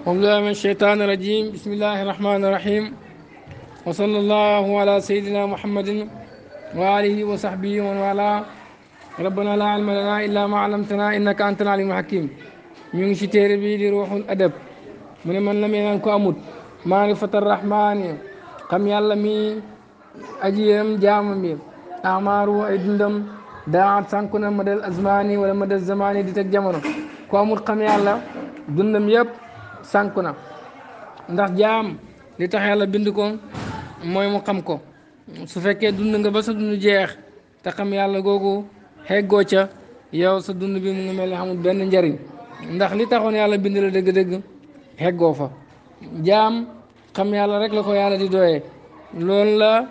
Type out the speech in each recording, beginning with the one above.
أعوذ من الشيطان الرجيم بسم الله الرحمن الرحيم وصلى الله على سيدنا محمد وآله وصحبه ومن والاه ربنا لا علم لنا إلا ما علمتنا إنك أنت العليم الحكيم من شتير بي روح الأدب من من لم ينكو أموت معرفة الرحمن كم يعلمي أجيهم جامم أعمارو أدندم داعت سانكونا مدى الأزماني ولا مدى الزماني ديتك جامرو كو أموت كم يعلم دندم يب sànku na ndax jaam li tax yàlla bind ko mooy mu xam ko su fekkee dund nga ba sa dund jeex te xam yàlla googu xeggoo ca yow sa dund bi mu ngi mel ne xamul benn njariñ ndax li taxoon yàlla bind la dëgg-dëgg xeggoo fa jaam xam yàlla rek la ko yàlla di doyee loolu la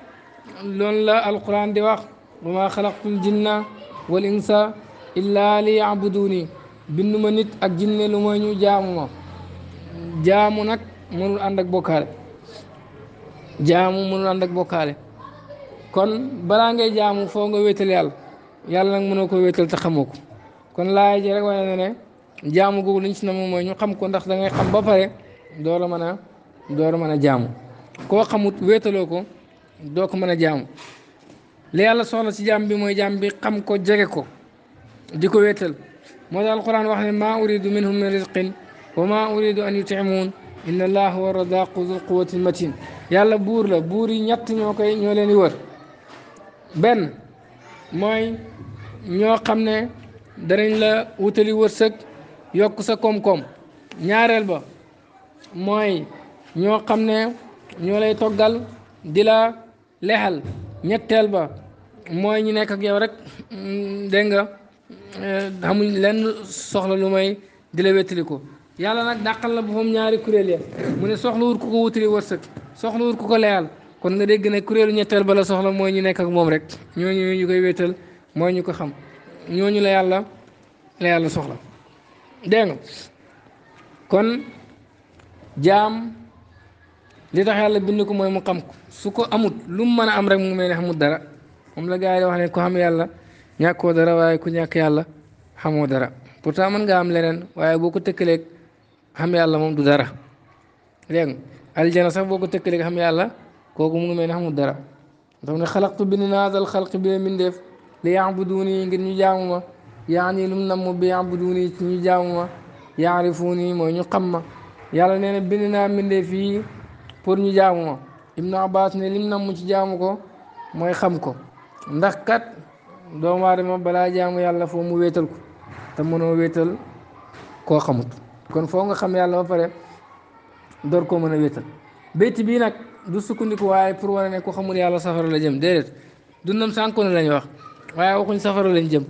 loolu la di wax wa maa xalaqtul jinna wal insa illaa li yaabuduuni binduma nit ak jinne lu mooy ñu jaamu jaamu nag mënul ànd ak bokkaale jaamu mënul ànd ak kon balaa ngay jaamu foo nga wéetal yàlla yàlla nag mënoo ko wéetal te xamoo ko kon laay ji rek wane na ne jaamu googu liñ ci na moom mooy ñu xam ko ndax da xam ba pare door a mën a door a mën a jaamu koo xamut wéetaloo ko doo ko mën a jaamu li yàlla soxla ci jaam bi mooy jaam bi xam ko jege ko di ko wéetal moo al alquran wax ne maa uridu minhum min rizqin وما أريد أن يطعمون إن الله هو razaqu dul quwwatil matin yàlla buur la buur yi ñett ñoo koy ñoo leen di wër benn mooy ñoo xam ne danañ la wutali wërsëg yokk sa koom-koom ñaareel ba mooy ñoo xam ne lay toggal di la lexal ba mooy ñu nekk ak yow rek dégg nga xamuñ lenn soxla lu may di la yàlla nag dàqal la boppam ñaari kuréel ya mu ne soxla ku ko wutali wërsëg soxlawul ku ko leyal kon nga dégg ne kuréelu ñetteel ba la soxla mooy ñu nekk ak moom rek ñooñu ñu koy wéetal mooy ñu ko xam ñooñu la yàlla la yàlla soxla dégg nga kon jaam li tax yàlla bind ko mooy mu xam ko su ko amut lu mu mën a am rek mu mel ne xamut dara moom la gars yi wax ne ku xam yàlla ñàkkoo dara waaye ku ñàkk yàlla xamoo dara pourtant mën nga am leneen waaye boo ko tëkkaleeg xam yàlla moom du dara dégg aljana sax boo ko tëkkalee nga yàlla kooku mu ngi mel ne dara dafa ne xalaqtu bi naadal xalq bi mindeef li yaabuduuni ngir ñu jaamu ma yaani lum namm bi yaabuduuni ci ñu jaamu ma yaarifuuni mooy ñu xam ma yàlla nee na bind naa mbindeef yi pour ñu jaamu ma ibnu abbas ne lim namm ci jaamu ko mooy xam ko ndax kat doomu aadama balaa jaamu yàlla foo mu wéetal ko te mënoo wéetal xamut kon foo nga xam yàlla ba pare door koo mën a wéetal béyti bii nag du sukkandiku waaye pour wane ne ku xamul yàlla safara la jëm déedéet dundam sànku na lañu wax waaye waxuñ safara lañ jëm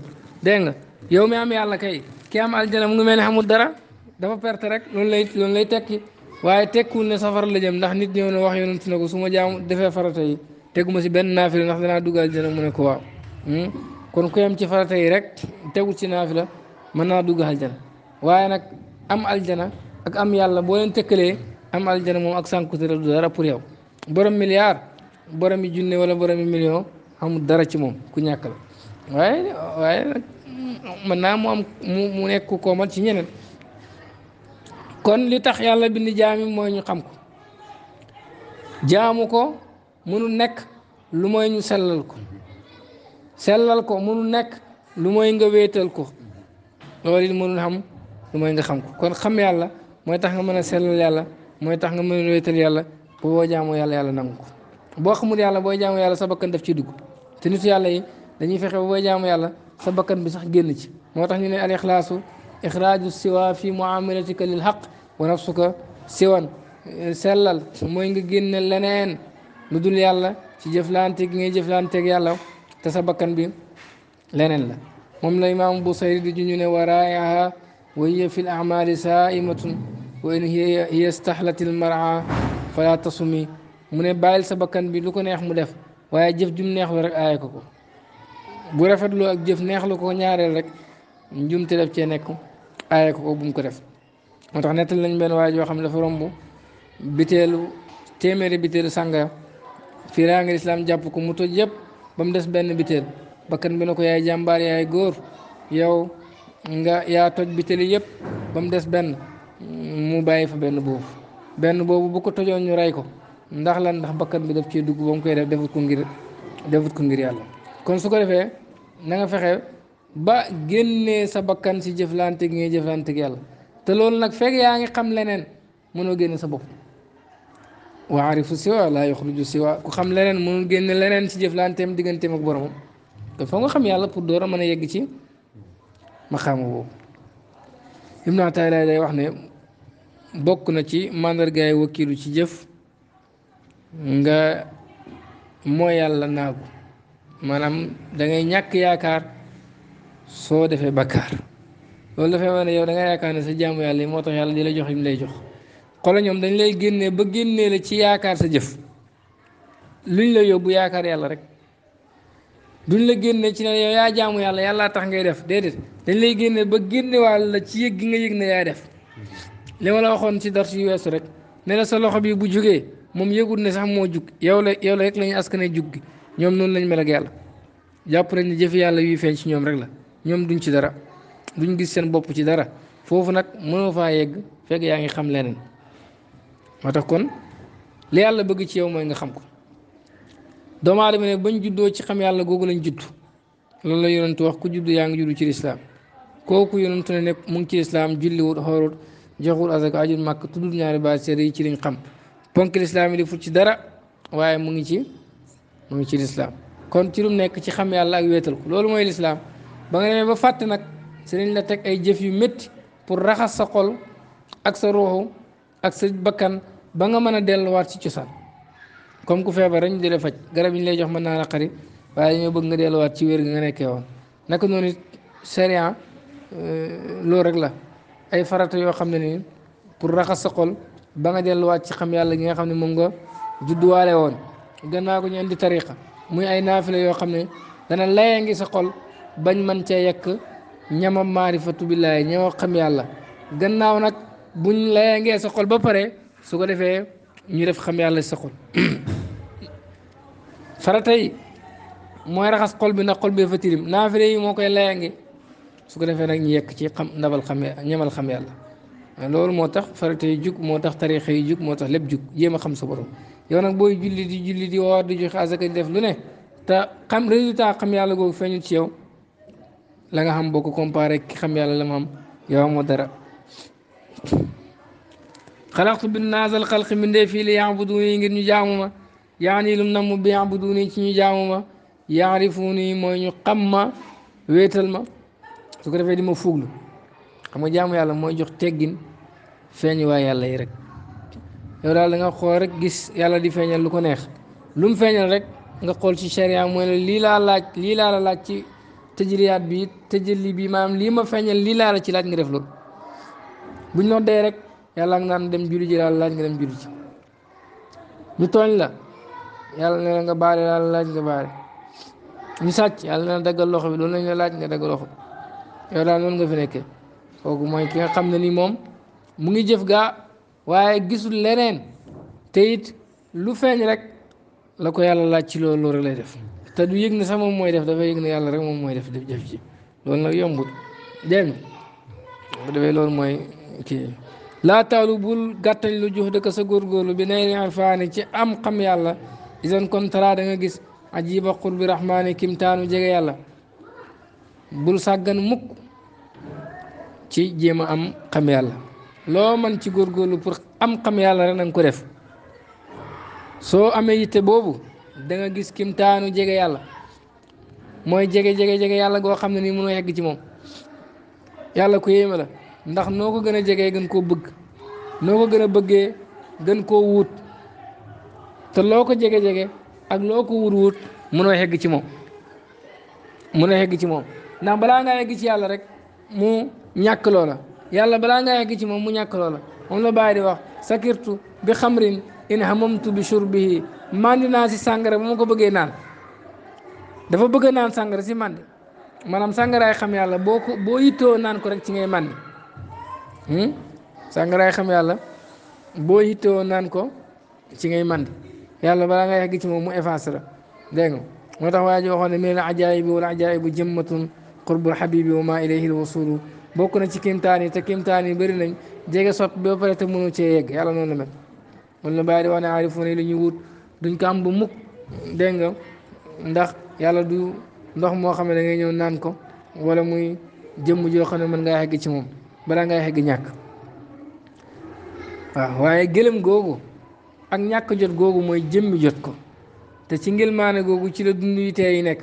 dégg nga yow mi am yàlla kay ki am aljana mu ngi mel ne xamul dara dafa perte rek loolu lay loolu lay tekki waaye tekkiwul ne safara la jëm ndax nit ñëw na wax yonent na ko su ma jaamu defee farata yi teguma si benn naafila ndax danaa dugg aljana mu ne ko waaw hmm? kon ku yam ci farata yi rek tegul ci naafila mën naa dugg aljana waaye nag am aljana ak am yàlla boo leen tëkkalee am aljana moom ak sànkute la du dara pour yow borom milliard borom yi junne wala borom yi million amul dara ci moom ku ñàkk la waaye waaye naa mu am mu mu nekk koomal ci ñeneen kon li tax yàlla bind jaami mooy ñu xam ko jaamu ko mënul nekk lu mooy ñu sellal ko sellal ko mënul nekk lu mooy nga wéetal ko loolu it mënul xam lu mooy nga xam ko kon xam yàlla mooy tax nga mën a sellal yàlla mooy tax nga mën a wéetal yàlla boo jaamu yàlla yàlla nangu ko boo xamul yàlla booy jaamu yàlla sa bakkan daf ciy dugg te nitu yàlla yi dañuy fexe ba booy jaamu yàlla sa bakkan bi sax génn ci moo tax ñu ne al ixlaasu ixraaju siwa fi muamalatika lil xaq wa nafsuka siwan sellal mooy nga génne leneen lu dul yàlla ci jëflante gi ngay jëflanteeg yàlla te sa bakkan bi leneen la moom la imaam bu sayri di ju ñu ne waraayaha وهي في الأعمال سائمة وإن هي هي استحلت المرعى فلا تصومي من بايل سبكا بلوكو نيخ مدف وهي جف جم نيخ ورق آيكو بو رفت لو أك جف نيخ لوكو نيار رك جم تلف چينيكو آيكو بوم كرف وطح نتل لنج بين واجو خم لفرم بو بتيلو تيميري بتيلو سانغا في رانغ الإسلام جابوكو متو جب بمدس بين بتيل بكن بنوكو يا جامبار يا غور يو يا nga yaa toj bitali yëpp ba mu des benn mu bàyyi fa benn boobu benn boobu bu ko tojoon ñu rey ko ndax lan ndax bakkan bi def cee dugg ba mu koy def defut ko ngir yàlla kon su ko defee na nga fexe ba génnee sa bakkan si jëflante gi ngay jëflante gi yàlla te loolu nag fekk yaa ngi xam leneen mënoo génne sa bopp wa arifu siwa laa yuxruju siwa ku xam leneen mënul génn leneen si jëflanteem digganteem ak boromam te foo nga xam yàlla pour door a mën a yegg ci maqaama boobu ibnu ataay day wax ne bokk na ci màndargaay wakiilu ci jëf nga mooy yàlla naagu maanaam dangay ñàkk yaakaar soo defee bakkaar loolu dafay wane ne yow da nga yaakaar ne sa jaamu yàlla yi moo tax yàlla di la jox yi mu lay jox xolo ñoom dañ lay génnee ba génnee la ci yaakaar sa jëf luñ la yóbbu yaakaar yàlla rek duñ la génne ci ne yow yaa jaamu yàlla yàllaa tax ngay def déedéet dañ lay génne ba génne wàll la ci yëg gi nga yëg ne yaay def li ma la waxoon ci dar yu weesu rek ne la sa loxo bi bu jógee moom yëgul ne sax moo jug yow la yow la rek la askanee jug gi noonu lañ mel yàlla jàpp nañ ne jëf yàlla yuy feeñ ci ñoom rek la ñoom duñ ci dara duñ gis seen bopp ci dara foofu nag mënoo faa yegg yaa ngi xam leneen moo tax kon li yàlla bëgg ci yow mooy nga xam ko doomu aadama ne bañ juddoo ci xam yàlla googu lañ judd loolu la yonentu wax ku judd yaa ngi juddu ci lislaam kooku yonentu ne nekk mu ngi ci lislaam julliwut xoorut joxul azaka ajul màkk tuddul ñaari baat yi ci liñ xam ponk lislaam yi di ci dara waaye mu ngi ci mu ngi ci lislaam kon ci lu nekk ci xam yàlla ak wéetal ko loolu mooy lislaam ba nga demee ba fàtte nag sëriñ la teg ay jëf yu métti pour raxas sa xol ak sa ruuxu ak sa bakkan ba nga mën a delluwaat ci cosaan comme ku feebar rek ñu di la garab yi lay jox man naa la xari waaye ñoo bëgg nga delluwaat ci wér gi nga nekkee woon naka noonu it euh, loolu rek la ay farata yoo xam ne nii pour raxas sa xol ba nga delluwaat ci xam yàlla gi nga xam ne moom nga judduwaale woon gannaaw ko ñu indi tariqa muy ay naafila yoo xam ne dana layee ngi sa xol bañ man cee yekk ñama maarifatu billaahi ñama xam yàlla gannaaw nag buñ layee ngee sa xol ba pare su ko defee ñu def xam yàlla sa xol farata yi mooy raxas xol bi ndax xol bi dafa tilim naafile yi moo koy layange su ko defee nag ñu yekk ci xam ndabal xam ñemal xam yàlla loolu moo tax farata yi jug moo tax tarixa yi jug moo tax lépp jug jéem a xam sa borom yow nag booy julli di julli di woor di joxe asaka di def lu ne te xam résultat xam yàlla googu feeñu ci yow la nga xam boo ko comparé ki xam yàlla la ma am yow amoo dara xalaqtu bin naasal xalqi min dee fii li yaabudu yi ngir ñu jaamu ma yaani lum na mu bi yabuduni ci ñu jaamu ma yaarifuni mooy ñu xam ma wetal ma su ko defee di ma fuuglu xam nga jaamu yàlla mooy jox teggin feeñ waay yàlla yi rek yow daal da nga xool rek gis yàlla di feeñal lu ko neex lu mu feeñal rek nga xool ci sharia mooy ne lii laa laaj lii laa la laaj ci tëjëliyaat bi tëjëli bii maanaam lii ma feeñal lii laa la ci laaj nga def lool buñ noddee rek yàlla nga dem julli ji daal laaj nga dem julli ñu tooñ la yàlla ne la nga baale yàlla laaj nga baale ñu sàcc yàlla ne la loxo bi loolu lañ laaj nga daggal loxo bi yow nga fi nekkee kooku mooy ki nga xam ne ni moom mu ngi jëf gaa waaye gisul leneen te it lu feeñ rek la yàlla laaj ci loolu loolu lay def du yëg ne sax moom mooy def dafa yëg ne yàlla rek moom mooy def def jëf ji loolu nag yombut dégg nga loolu mooy kii laa taalu bul gàttañ lu jox dëkk sa góorgóorlu bi nay ne ci am xam yàlla isan kon tara da nga gis ajiba qurbi rahmaani kimtaanu jege yàlla bul sàggan mukk ci jéem a am xam yàlla loo man ci góorgóorlu pour am xam yàlla rek nanga ko def soo amee yitte boobu danga nga gis kimtaanu jege yàlla mooy jege jege jege yàlla goo xam ne nii mënoo yegg ci moom yàlla ku yéeme la ndax noo ko gën a jege gën koo bëgg noo ko gën a bëggee gën koo wuut te loo ko jege jege ak loo ko wut wut mënoo yegg ci moom mënoo yegg ci moom ndax balaa ngaa yegg ci yàlla rek mu ñàkk loola yàlla balaa ngaa yegg ci moom mu ñàkk loola moom la bàyyi di wax sakirtu bi xamrin in hamamtu bi shurbihi mandi naa si sàngara ba ma ko bëggee naan dafa bëgg naan sàngara si mandi maanaam sàngaraay xam yàlla boo ko boo yittoo naan ko rek ci ngay mandi hmm? sàngaraay xam yàlla boo yittoo naan ko ci ngay mandi yàlla balaa nga yegg ci moom mu effacé la dégg nga moo tax waa ji waxoon ne min al ajaayibi wal ajaayibu jëmmatun qurbul habibi wa ma ilayhi al wasulu bokk na ci kéemtaan yi te kéemtaan yi bari nañ jege soppi ba pare te mënu cee yegg yàlla noonu la mel mun na bàyyi di wax ne aarifu ne li ñu wut duñ ko am bu mukk dégg nga ndax yàlla du ndox moo xam ne da ngay ñëw naan ko wala muy jëmm joo xam ne mën ngaa xegg ci moom balaa ngay xegg ñàkk waaw waaye gëlëm googu ak ñàkk jot googu mooy jëmmi jot ko te ci ngëlmaane googu ci la dund yi tee nekk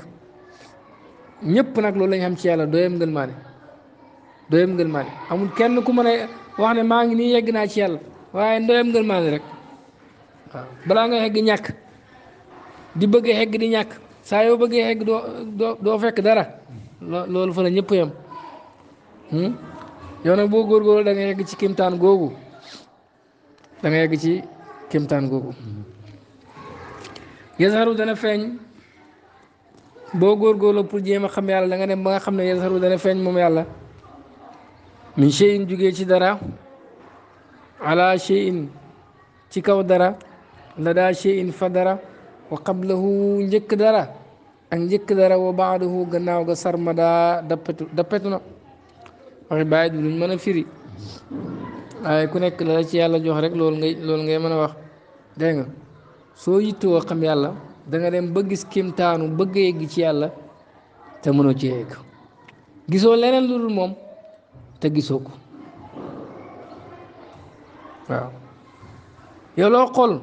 ñëpp nag loolu lañ xam ci yàlla doyam ngëlmaane doyam amul kenn ku mën a wax ne maa ngi nii yegg naa ci yàlla waaye ndoyam ngëlmaane rek waaw balaa nga xegg ñàkk di bëgg xegg di ñàkk saa yoo bëggee xegg doo fekk dara loolu fa la ñëpp yam hmm? yow boo góorgóorlu da nga yegg ci kimtaan googu da yegg ci kéemtaan googu yasaru dana feeñ boo góorgóorloo pour jéem a xam yàlla da nga dem ba nga xam ne yasaru dana feeñ moom yàlla min cheyin jugee ci dara ala cheyin ci kaw dara la daa fa dara wa qablahu njëkk dara ak njëkk dara wa baadahu gannaaw ga sarmada dappetu dappetu na waxi bàyyi du luñ mën firi waaye ku nekk la ci yàlla jox rek loolu ngay loolu wax dégg nga soo yittewoo xam yàlla danga dem ba gis kimtaanu bëgg yegg ci yàlla te mënoo ci yegg gisoo leneen lu dul moom te gisoo ko waaw yow loo xool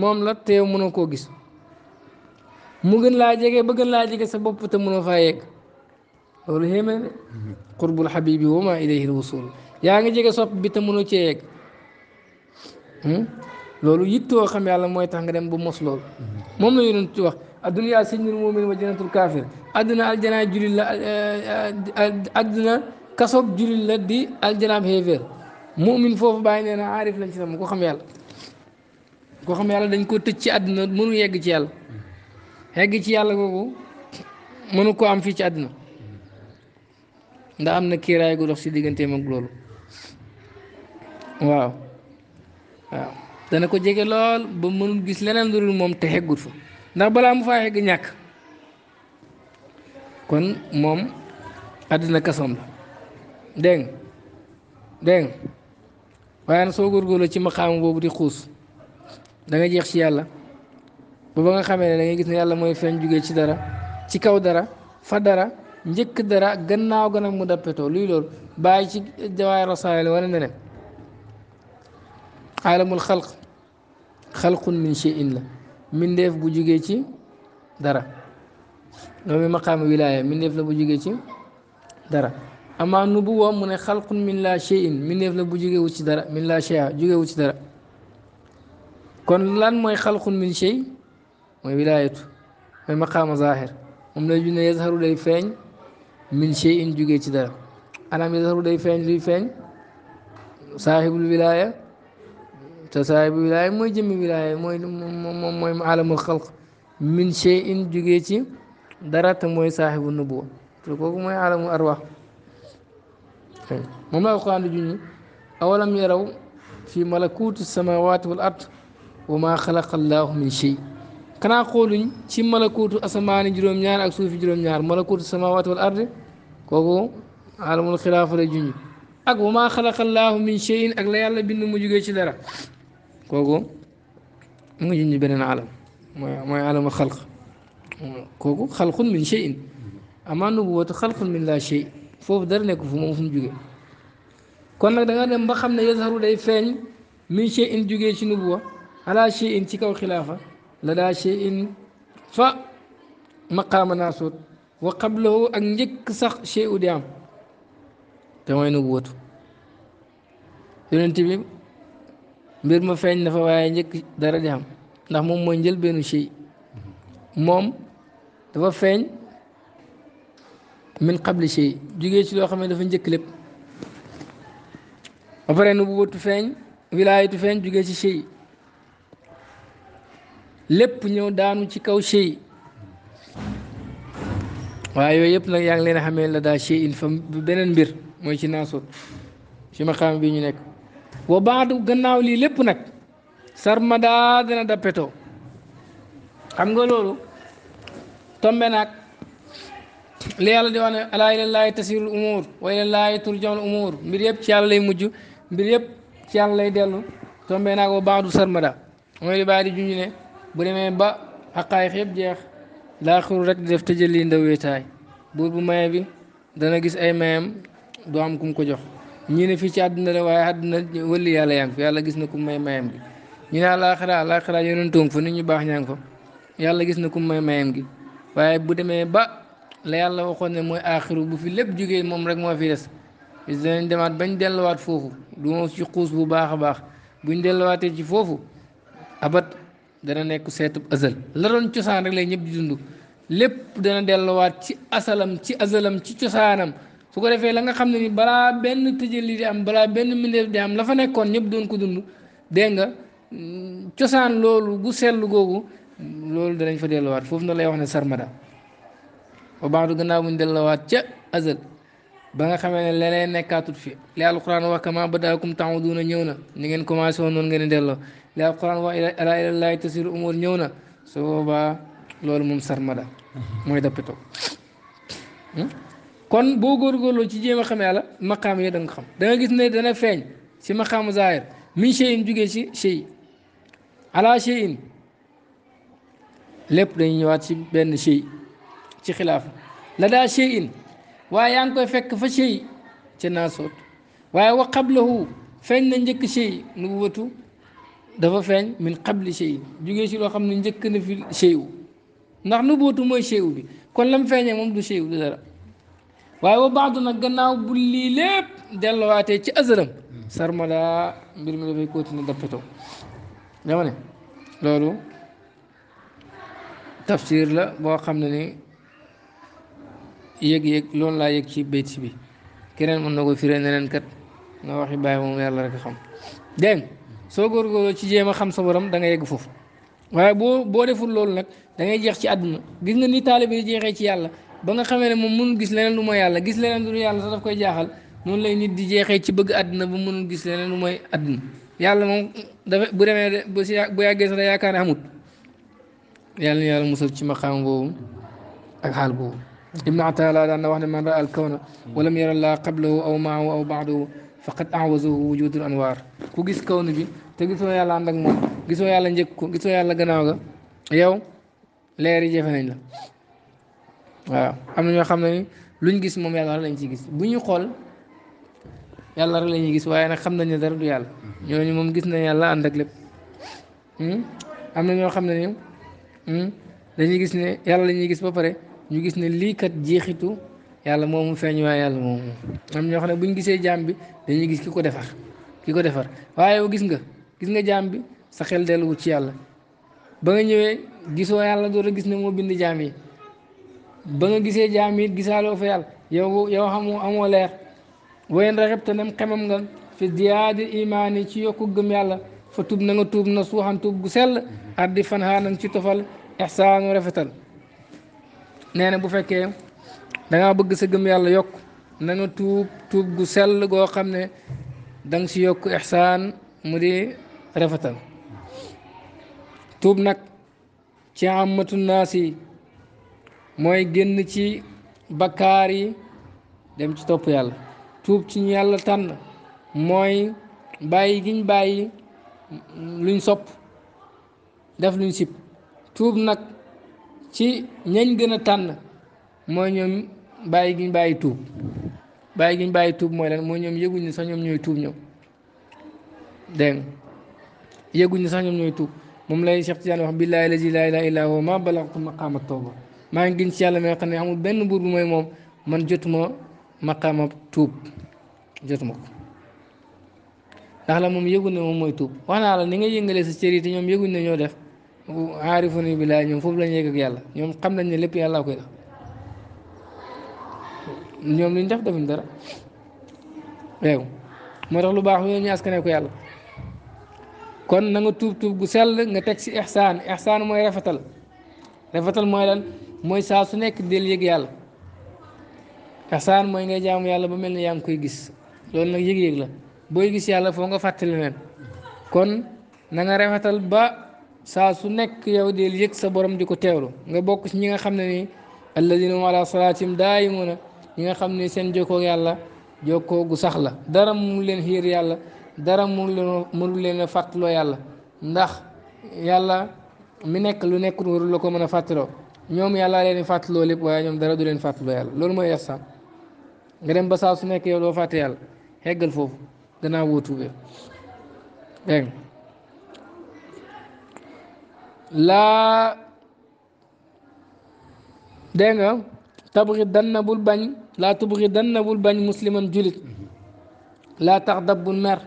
moom la te yow koo gis mu gën laa jege ba laa jege sa bopp te mënoo faa yegg loolu yéeme de mm-hmm. qurbul xabibi wa ma ilayhi l wusul yaa ngi jege sopp bi te mënoo cee yegg hmm? loolu yittoo xam yàlla mooy tax nga dem ba mos loolu moom la yonent ci wax adduniyaa sijnul mu'min wa jannatul kaafir adduna aljanaay jullit la adduna eh, kasoog jullit la di aljanaab xéeféer mu'min foofu bàyyi nee aarif lañ ci sama ko xam yàlla ko xam yàlla dañ koo tëj ci àddina mënu yegg ci yàlla yegg ci yàlla kooku mënu koo am fii ci àddina ndax am na kiiraay gu dox si digganteem ak loolu waaw dana ko jege lool ba mënul gis leneen lu moom te xeggut fa ndax balaa mu faa xegg ñàkk kon moom àddina kasoom la dégg nga waaye nag soo góorgóorloo ci maqaam boobu di xuus da jeex ci yàlla ba ba nga xamee ne da gis ne yàlla mooy feeñ jugee ci dara ci kaw dara fa dara njëkk dara gannaaw gën mu dappetoo luy loolu bàyyi ci jawaay rasaayal wala neneen alamul xalq xalqun min shay'in la mindeef bu jugee ci dara loolu maqaama wilaaya mindeef la bu jugee ci dara amaa nubuwa mu ne xalqun min laa shay'in mindeef la bu jugee wu ci dara min laa shay'a jugee wu ci dara kon lan mooy xalqun min shay mooy wilaayatu mooy maqaama zaahir moom lay junne yazharu day feeñ min shay'in jugee ci dara anam yazharu day feeñ luy feeñ saahibul wilaaya te saahibu wilaaya mooy jëmmi wilaaya mooy moom mooy alamul xalq min shay'in jógee ci dara te mooy saahibu nubuwa te kooku mooy alamul arwaax moom la alquran di junñi awalam yaraw fi malakuuti samawaati wal ard wa maa xalaqa allaahu min shay xanaa xooluñ ci malakuutu asamaani juróom-ñaar ak suufi juróom-ñaar malakuutu samawaati wal ard kooku alamul xilaafa la junñi ak wa maa xalaqa allaahu min shay'in ak la yàlla bind mu jógee ci dara kooku mu ngi junj beneen alam mooy mooy alamu xalq kooku xalqun min shay'in amaa nubuwatu xalqun min laa shay foofu dara nekk fu moom fu mu jóge kon nag da nga dem ba xam ne yazharu day feeñ min shay'in jógee ci nubuwa ala shay'in ci kaw xilaafa la daa shay'in fa maqaama naasut wa qablahu ak njëkk sax shay'u di am te nubuwatu yonent bi mbir ma feeñ na fa waaye njëkk dara di am ndax moom mooy njëlbeenu shay moom dafa feeñ min qabli shay jugee ci loo xam ne dafa njëkk lépp ba pare nu bu wëttu feeñ wilaayatu feeñ jugee ci shay lépp ñëw daanu ci kaw shay waa yooyu yëpp nag yaa ngi leen xamee la daa shay in fa beneen mbir mooy ci naasut ci maqaam bi ñu nekk wa baadu gannaaw lii lépp nag sarmada dana dappetoo xam nga loolu tombe nag li yàlla di wax ne alaa ilallaahi tasirul umuur wa ilallaahi turjaul umuur mbir yëpp ci yàlla lay mujj mbir yëpp ci yàlla lay dellu tombe nag wa baadu sarmada mooy li bàyyi di junj ne bu demee ba xaqaayix yëpp jeex laaxiru rek di def tëjëli ndaw buur bu maye bi dana gis ay mayam du am kum ko jox ñu ne fii ci àdduna la waaye àdduna wëlli yàlla yaa ngi fa yàlla gis na ku may mayam gi ñu ne àllaaxira àllaaxira yonentoom fa nit ñu baax ñaa ngi fa yàlla gis na ku may mayam gi waaye bu demee ba la yàlla waxoon ne mooy aaxiru bu fi lépp jógee moom rek moo fi des bis demaat bañ delluwaat foofu du ma ci bu baax a baax buñ delluwaatee ci foofu abat dana nekk seetub azal la doon cosaan rek lay ñëpp di dund lépp dana delluwaat ci asalam ci azalam ci cosaanam su ko defee la nga xam ne ni balaa benn tëjali di am balaa benn mbindeef di am lafa nekkoon ñëpp doon ko dund dégg nga cosaan loolu gu seetlu googu loolu danañ fa delluwaat foofu na lay wax ne sarmada ba baax du gannaaw buñ ca azal nga xamee ne leneen nekkaatut fi li alquran wax kama badaakum taawuduuna ñëw na ni ngeen commencé woon noonu ngeen delloo li alquran wax alaa ilallaahi tasiru umur ñëw na su boobaa loolu moom sarmada mooy dappitoo hmm? kon boo góor góorgóorloo ci jéem a xam yàlla maqaam yi da xam da gis ne dana feeñ si maqaamu zaahir min cheyin jugee si chey ala cheyin lépp dañuy ñëwaat si benn chey ci xilaaf la daa waaye yaa ngi koy fekk fa chey ca naasoot waaye wa qablahu feeñ na njëkk chey nu wëtu dafa feeñ min qabli chey jugee si loo xam ne njëkk na fi chey ndax nu bootu mooy chey bi kon lam feeñee moom du chey wu dara waaye wa baax nag gannaaw bu lii lépp delluwaatee ci azalam sarmala mbir mi dafay continuer dappetoo dama ne loolu tafsir la boo xam ne ni yëg-yëg loolu laa yëg ci bayt bi keneen mën na ko firee ne leen kat nga waxi bàyyi moom yàlla rek a xam dégg soo góorgóorloo ci jéem a xam sa borom da nga yegg foofu waaye boo boo deful loolu nag da ngay jeex ci àdduna gis nga ni taalibe di jeexee ci yàlla ba nga xamee ne moom mënul gis leneen lu mooy yàlla gis leneen lu dul yàlla sax daf koy jaaxal noonu lay nit di jeexee ci bëgg àddina ba mënul gis leneen lu yàlla moom dafa bu demee bu si bu yàggee yaakaar ne amut yàlla musal ci maqaam boobu ak xaal boobu ibnu ataala daan na wax ne man raa al kawna walam yara laa qablahu aw maahu aw baadahu faqad awazahu wujudul anwaar ku gis kawnu bi te gisoo yàlla ànd ak moom gisoo yàlla njëkk ko gisoo yàlla gannaaw ga yow leer yi jafe nañ la waaw am na ñoo xam ne ni luñ gis moom yàlla rek lañ gis bu ñu xool la ñuy gis waaye nag xam nañ ne dara du yàlla mhm. ñooñu moom gis nañ yàlla ànd ak lépp hmm? am na ñoo xam ne ni hmm, dañuy gis ne yàlla la gis ba pare ñu gis ne liikat kat jeexitu yàlla mu feeñ waaye yàlla moomu am ñoo xam ne bu ñu gisee jaam bi dañuy gis ki ko defar ki ko defar waaye yow gis nga gis nga jaam bi sa xel delluwut ci yàlla ba nga ñëwee gisoo yàlla door a gis ne moo bind jaam yi. ba nga gisee jaam it gisaaloo fa yàlla yow yow xamu amoo na wayen raxib te nga fi ziyaadi imaan ci yokku gëm yàlla fa tuub na nga na suuxan tuub gu sell di fan xaa nanga ci tofal ixsaanu rafetal nee na bu fekkee da bëgg sa gëm yàlla yokk na nga tuub gu sell goo xam ne da ci si yokk ixsaan mu di rafetal tuub nag ci amatu naas mooy génn ci bakkaar yi dem ci topp yàlla tuub ci ñu yàlla tànn mooy bàyyi giñ bàyyi luñ sopp def luñ sib tuub nag ci ñañ gën a tànn mooy ñoom bàyyi giñ bàyyi tuub bàyyi giñ bàyyi tuub mooy lan mooy ñoom yëguñ ni sax ñoom ñooy tuub ñoom dégg yëguñ ni sax ñoom ñooy tuub moom lay Cheikh Tidiane wax billaahi lazi laa ilaaha illaa huwa ma balagtu maqaama maa ngi gën ci yàlla mi nga xam ne amul benn buur bu mooy moom man jotuma maqaama tuub jotuma ko ndax la moom yëgu ne moom mooy tuub wax naa la ni nga yëngalee sa cër yi te ñoom yëguñ ne def aarifuna billaah ñoom foofu la ñu yàlla ñoom xam nañ ne lépp yàlla koy def ñoom li ñu defuñ dara réew moo tax lu baax lu ñu askane ko yàlla kon na tuub tuub gu sell nga teg ci ihsaan ihsaan mooy rafetal rafetal mooy lan mooy saa su nekk del yëg yàlla ihsaan mooy ngay jaamu yàlla ba mel ni yaa ngi koy gis loolu nag yëg-yëg la booy gis yàlla foo nga fàttali leen kon na nga rafetal ba saa su nekk yow del yëg sa borom di ko teewlu nga bokk ci ñi nga xam ne nii alladina hum ala salaatihim daayimuuna ñi nga xam ne seen jokkoo yàlla jokkoo gu sax la dara mu leen xiir yàlla dara mu leen mënu leen a fàttaloo yàlla ndax yàlla mu nekk lu nekk waru la ko mën a fàttaloo ñoom yàlla leen di fàttaloo lépp waaye ñoom dara du leen fàttaloo yàlla loolu mooy ihsaan nga dem ba saa su nekk yow doo fàtte yàlla heggal foofu gannaaw woo tuubee dégg laa dégg nga tabri danna bul bañ laa tubri danna bul bañ musliman julit laa tax dab bul mer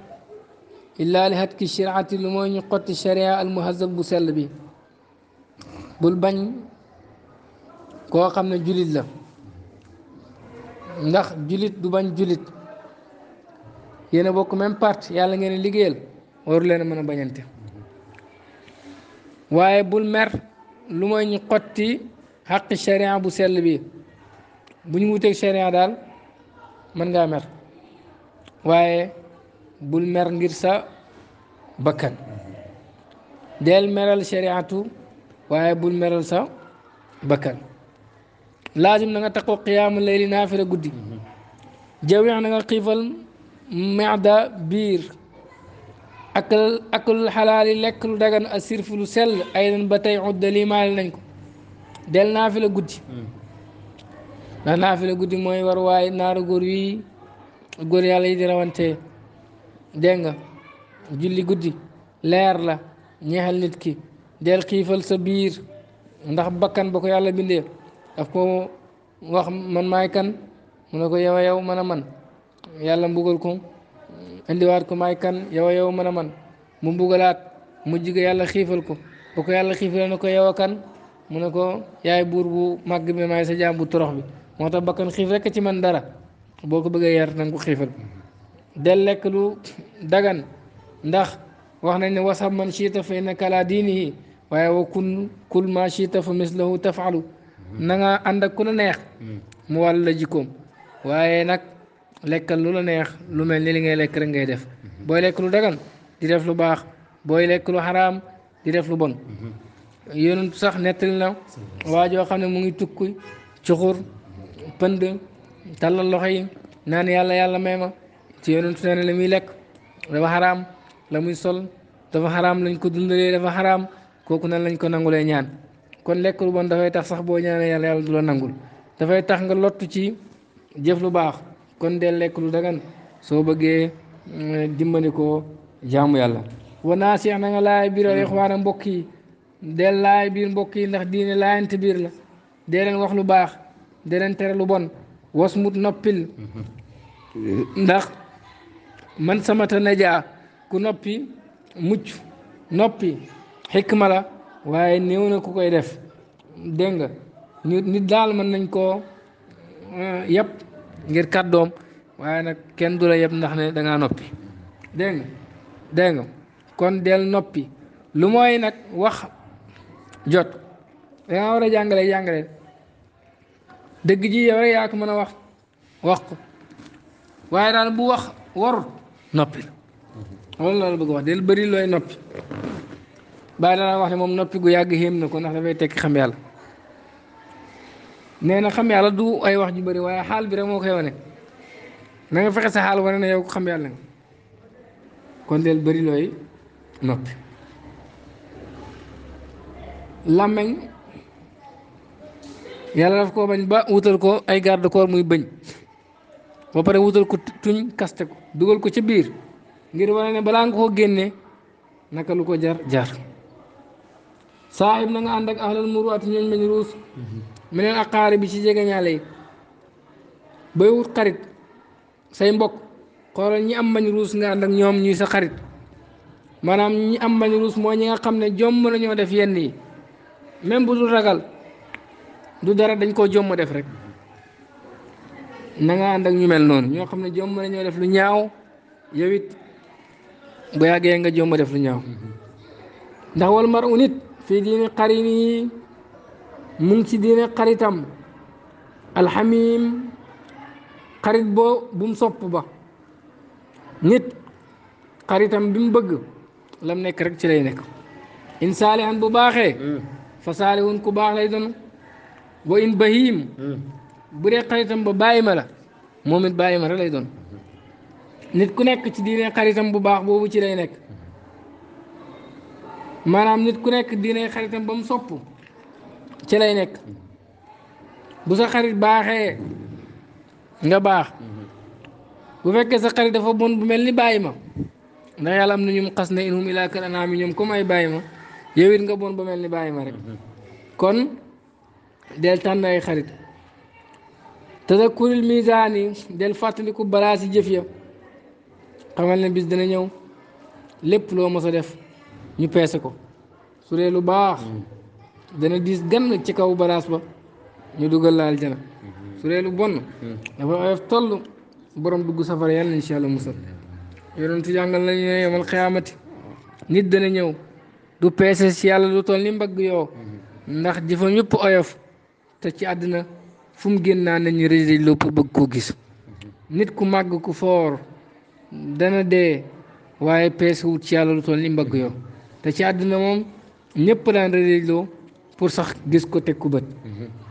illaa li xat ki shiraati lu mooy ñu xotti sharia al muhazzab bu sell bi bul bañ koo xam ne julit la ndax julit du bañ julit yéen bokk même parti yàlla ngeen liggéeyal waru a mën a bañante waaye bul mer lu mooy ñu xotti xaqi bu sell bi bu ñu wuteeg daal mën ngaa mer waaye bul mer ngir sa bakkan del meral shariatu waaye bul meral sa bakkan لازم نغا تقو قيام الليل نافله غدي جويع نغا قيفل معدا بير اكل اكل حلال لكل دغن اسير فلو سل اينن باتاي عد لي مال نانكو دل نافله غدي لا نافله غدي موي وار واي نار غور وي غور يالله يدي روانتي دنگا جولي غدي لير لا نيهال نيت كي دل قيفل سبير ndax bakkan bako yalla bindé daf ko wax man maay kan mu ne ko yow a yow mën mbugal ko indiwaat ko maay kan yow a yow mën man mu mbugalaat mujj ga yàlla xiifal ko ba yàlla xiifalee ne ko yow a kan mu ne ko yaay buur bu màgg bi maay sa jaam bu torox bi moo tax bakkan xiif rekk ci man dara boo ko bëggee yar nanga ko xiifal del lekk dagan ndax wax nañ ne wasab man chiita fa inna kala diinihi waaye wa kun kul ma chiita fa mislahu tafalu na nga ànd ak ku la neex mm. mu wàll la jikkoom waaye nag lekkal lu la neex lu mel ni li ngay lekk rek ngay def mm-hmm. booy lekk lu dagan di def lu baax booy lekk lu xaraam di def lu bon mm-hmm. yéen sax nettali na mm-hmm. waa joo xam ne mu ngi tukki cuxur pënd tàllal loxo yi naan yàlla yàlla may ma ci yéen nee na la muy lekk dafa xaraam la muy sol dafa xaraam lañ ko dundalee dafa xaraam kooku nan lañ ko nangu nangulee ñaan kon lekk lu bon dafay tax sax boo ñaanee yàlla yàlla du la nangul dafay tax nga lottu ci jëf lu baax kon dee lekk lu dagan soo bëggee mm, dimbali ko jaamu yàlla wanaa seex na nga laay biir ay ixwaana mbokk yi deel laay biir mbokk yi ndax diine laayante biir la dee leen wax lu baax dee leen tere lu bon was mut noppil ndax man samata najaa ku noppi mucc noppi xikma la waaye néew na ku koy def dégg nga ñu nit daal mën nañ koo euh, yëpp ngir kàddoom waaye nag kenn du la yëpp ndax ne da noppi dégg nga kon del noppi lu mooy nag wax jot da war a jàngale jàngale dëgg ji yow rek yaa mën a wax wax ko waaye daal bu wax warut noppi loolu la bëgg wax del bëri looy noppi baa danaa wax ne moom noppi gu yàgg xéem na ko ndax dafay tekki xam yàlla nee na xam yàlla du ay wax ju bari waaye xaal bi rek moo koy wane na fexe sa xaal wane ne yow ko xam yàlla kon deel bëri looy noppi làmmeñ yàlla daf koo bañ ba wutal ko ay garde corps muy bëñ ba pare wutal ko tuñ kaste ko dugal ko ca biir ngir wane ne balaa nga koo génne naka lu ko jar jar saaxib na nga ànd ak ahlal muruwaati ñooñ bañ ruus mhm. mu neen aqaari bi ci jegeñaale yi bay xarit say mbokk xoolal ñi am bañ ruus nga ànd ak ñoom ñuy sa xarit maanaam ñu am bañ ruus moo ñi nga xam ne jomm nañoo def yenn yi même bu dul ragal du dara dañ koo jomm def rek na nga ànd ak ñu mel noonu ñoo xam ne jomm nañoo def lu ñaaw yow it bu yàggee nga jomm def lu ñaaw mhm. ndax wal mar u في دين قرينه mu ngi ci diine xaritam alxamim xarit boo bu mu sopp ba nit xaritam bi mu bëgg lam nekk rek ci lay nekk in saalihan bu baaxee fa saalihun ku baax lay doon wa in bahim bu dee xaritam ba bàyyi ma la moom it bàyyi ma rek lay doon nit ku nekk ci diine xaritam bu baax boobu ci lay nekk manam nit ku nek diine xaritam bam mu ci lay nek bu sa xarit baxé nga bax bu fekke sa xarit dafa bon bu melni bayima na yàlla am na ñum xas inhum ila kal anaami ñum kum ay bayima yewit nga bon bu melni bayima rek kon del tan ay xarit tadakuril mizani del fàttaliku balaa si jëf ya xamal ne bis dana ñëw lépp lo mësa def ñu peese ko su lu baax dana diis gann ci kaw balaas ba ñu dugal laal jana su lu bon dafa oyof toll borom dugg safara yàlla insha allah musal yonentu jàngal nañu ne yomal xiyaamati nit dana ñëw du peese si yàlla lu toll ni mbagg yow ndax jëfam yëpp oyof te ci àddina fu mu naa nañu résidé loo pour bëgg koo gis nit ku màgg ku foor dana dee waaye peese wut ci yàlla lu toll ni mbagg yow te ci àdduna moom ñëpp daan régloo pour sax gis ko teg ku bët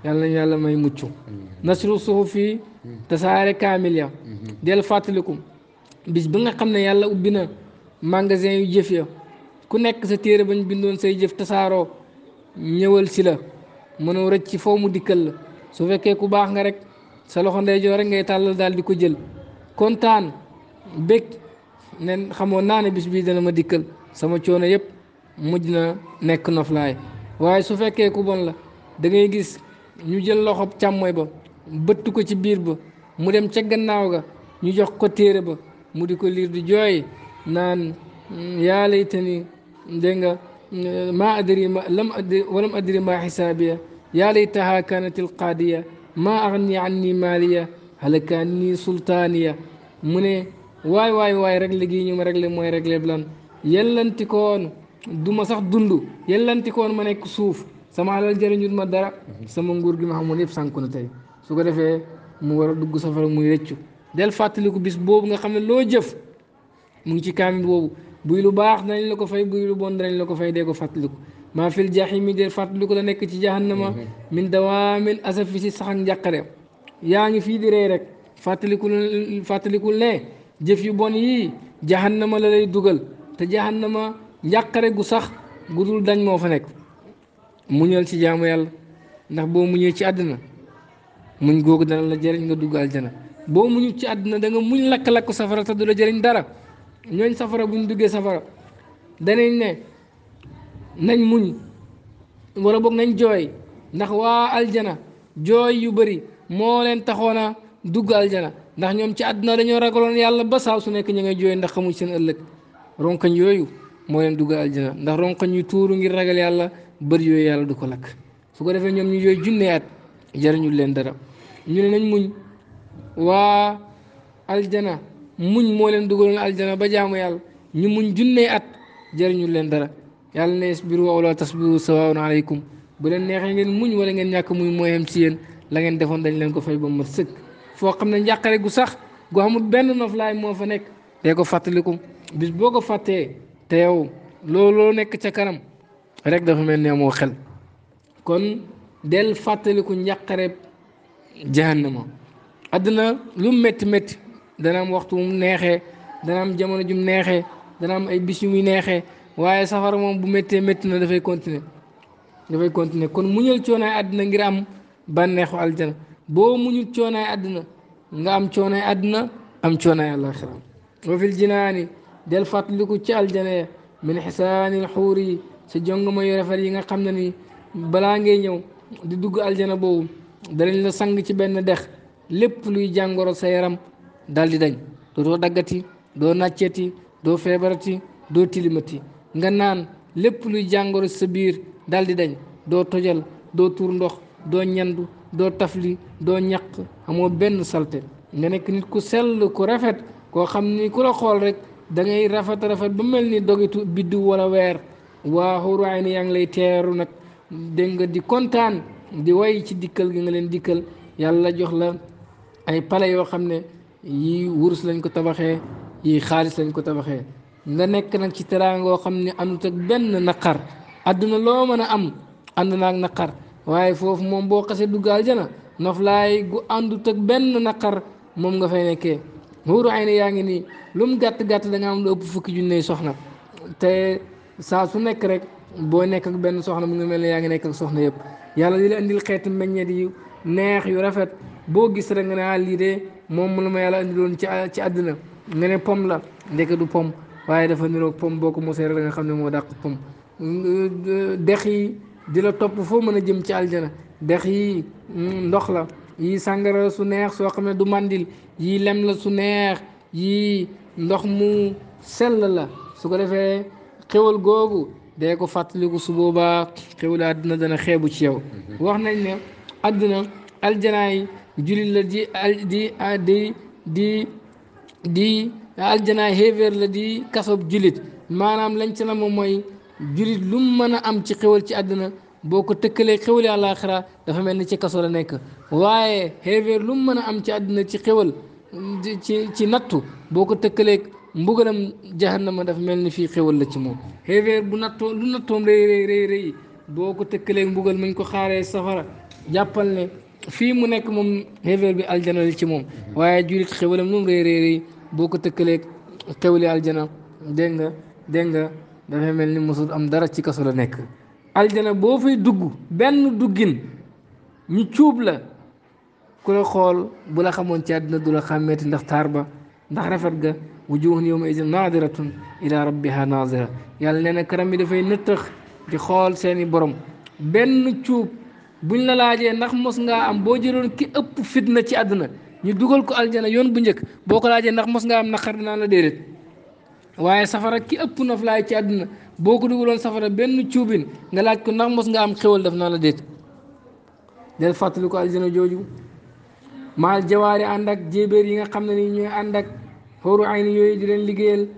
yàlla nañu yàlla may mucc nasru suhufi tasaare kaamil ya del fàttaliku bis bi nga xam ne yàlla ubbi na magasin yu jëf ya ku nekk sa téere bañ bindoon say jëf tasaaroo ñëwal si la mënoo rëcc foo mu dikkal la su fekkee ku baax nga rek sa loxo ndeyjoor rek ngay tàllal daal di ko jël kontaan bég nen xamoon naa ne bis bii dana ma dikkal sama coono yëpp mujj na nekk noflaay waaye su fekkee ku bon la dangay gis ñu jël loxob càmmooy ba bëtt ko ci biir ba mu dem ca gannaaw ga ñu jox ko téere ba mu di ko liir di jooy naan mm, yaa laytani dégg nga mm, maa adri ma lam adri walam adri maa xisaabiya yaa laytahaa kaanatil maa agni anni maaliya halakaani sultaaniya mu ne waay waay waay réglé gii ñu ma mooy réglé blan yellanti koon du ma sax dund yellanti koon ma nekk suuf sama alal jëriñut ma dara sama nguur gi ma xamoon yëpp sànku na tey su ko defee mu war a dugg safara muy rëccu del fàttaliku bis boobu nga xam ne loo jëf mu ngi ci kaamil boobu buy lu baax danañ la ko fay buy lu bon danañ la ko fay dee ko fàttaliku maa fil jaximi del fàttaliku la nekk ci jahannama mhm. min dawaamin asafi si sax ak njàqare yaa ngi fii di rey rek fàttaliku fàttalikul ne jëf yu bon yii jahannama la dugal njàqare gu sax gu dañ moo fa nekk muñal ci jaamu yàlla ndax boo muñee ci àddina muñ googu dana la jëriñ nga dugg aljana boo muñu ci àddina danga nga muñ lakk-lakk safara te du la jëriñ dara ñooñ safara buñ duggee safara danañ ne nañ muñ wala boog nañ jooy ndax waa aljana jooy yu bari moo leen taxoona dugg aljana ndax ñoom ci àddina dañoo ragaloon yàlla ba saaw su nekk ñu ngay jooy ndax xamuñ seen ëllëg ronkañ yooyu moo leen aljana ndax ronkoñ ñu tuuru ngir ragal yàlla bër yooyu yàlla du ko lakk su ko defee ñoom ñu yooyu junne at jariñul leen dara ñu ne nañ muñ waa aljana muñ moo leen dugaloon aljana ba jaamu yàlla ñu muñ junne at jariñul leen dara yàlla ne isbiru wala tasbiru sawaun alaykum bu leen neexee ngeen muñ wala ngeen ñàkk muñ moo am ci yéen la ngeen defoon dañ leen ko fay ba mat sëkk foo xam ne gu sax amul benn noflaay moo fa nekk ko fàttaliku bis boo ko te yow looloo nekk ca kanam rek dafa mel ni amoo xel kon del fàttaliku njàqare jahannama àddina lu métti métti dana am waxtu mu neexee dana am jamono ju mu neexee dana am ay bis yu muy neexee waaye safara moom bu méttee métti na dafay continuer dafay continuer kon muñal coonaay àddina ngir am bànneexu aljana boo muñul coonaay àddina nga am coonaay àddina am coonaay àllaaxira wa fil jinaani del fàttaliku ci aljane min xisaanil xuur yi sa jongoma yu rafet yi nga xam ne ni balaa ngay ñëw di dugg aljana boobu danañ la sang ci benn dex lépp luy jàngoro sa yaram dal di dañ doo daggati doo nàcceti doo feebarati doo tilimati nga naan lépp luy jàngoro sa biir dal di dañ doo tojal doo tuur ndox doo ñandu doo tafli doo ñaq amoo benn salte nga nekk nit ku sell ku rafet koo xam ni ku la xool rek da ngay rafet rafet ba mel ni dogitu bidd wala weer waa xuru ayni yaa ngi lay teeru nag dégg nga di kontaan di way ci dikkal gi nga leen dikkal yàlla jox la ay pale yoo xam ne yii wurus lañ ko tabaxee yii xaalis lañ ko tabaxee nga nekk nag ci teraangoo xam ne amut ak benn naqar àdduna loo mën a am ànd ak naqar waaye foofu moom boo xasee dugg aljana noflaay gu àndut ak benn naqar moom nga fay nekke nuuru ay na yaa ngi nii lu mu gàtt gàtt danga am lu ëpp fukki junne soxna te saa su nekk rek boo nekk ak benn soxna mu ngi mel ne yaa ngi nekk ak soxna yëpp yàlla di la indil xeeti meññeet yu neex yu rafet boo gis rek nga ne ah lii de moom mu la ma yàlla indiloon ci ci àddina nga ne pom la ndeke du pom waaye dafa niroog pom boo ko mosee rek xam ne moo dàq pom dex yi di la topp foo mën a jëm ci aljana dex yi mm, ndox la yii sàngara su neex soo xam ne du màndil yii lem la su neex yii ndox mu sell la su ko defee xéwal googu dee ko fàttaliku su boobaa xéwal àddina dana xeebu ci yow wax nañ ne àddina aljanaa yi jullit la di di di di di aljanaa xéeféer la di kasob julit maanaam lañ ca moom mooy jullit lu mën a am ci xéwal ci àddina boo ko tëkkalee xéwali àllaaxira dafa mel ni ci kaso la nekk waaye xéeféer lu mën a am ci àdduna ci xéwal ci ci nattu boo ko tëkkaleek tëkkalee mbugalam jahannama dafa mel ni fii xéwal la ci moom xéeféer bu nattoo lu nattoom rëy ko tëkkalee mbugal mañ ko xaaree safara jàppal ne fii mu nekk moom bi aljana la ci moom waaye julit xéwalam lu mu rëy rëy boo ko tëkkalee xéwali aljana dégg nga dégg nga dafa mel ni mosul am dara ci kaso la nekk aljana boo fay dugg benn duggin ñu cuub la ku la xool bu la xamoon ci àddina du la xàmmeeti ndax taar ba ndax rafet ga wujuhun yawma idin naadiratun ila rabbiha naadira yàlla nee na karam yi dafay nëttëx di xool seeni borom benn cuub buñ la laajee ndax mos ngaa am boo jëloon ki ëpp fitna ci àddina ñu dugal ko aljana yoon bu njëkk boo ko laajee ndax mos nga am naqar naa la déedéet waaye safara ki ëpp noflaay ci àdduna boo ko dugaloon safara benn cuubin nga laaj ko ndax mos nga am xéwal def naa la déet del fàttali ko aljana jooju maal jawaari ànd ak jéebéer yi nga xam ne ni ñooy ànd ak xóoru ay ni di leen liggéeyal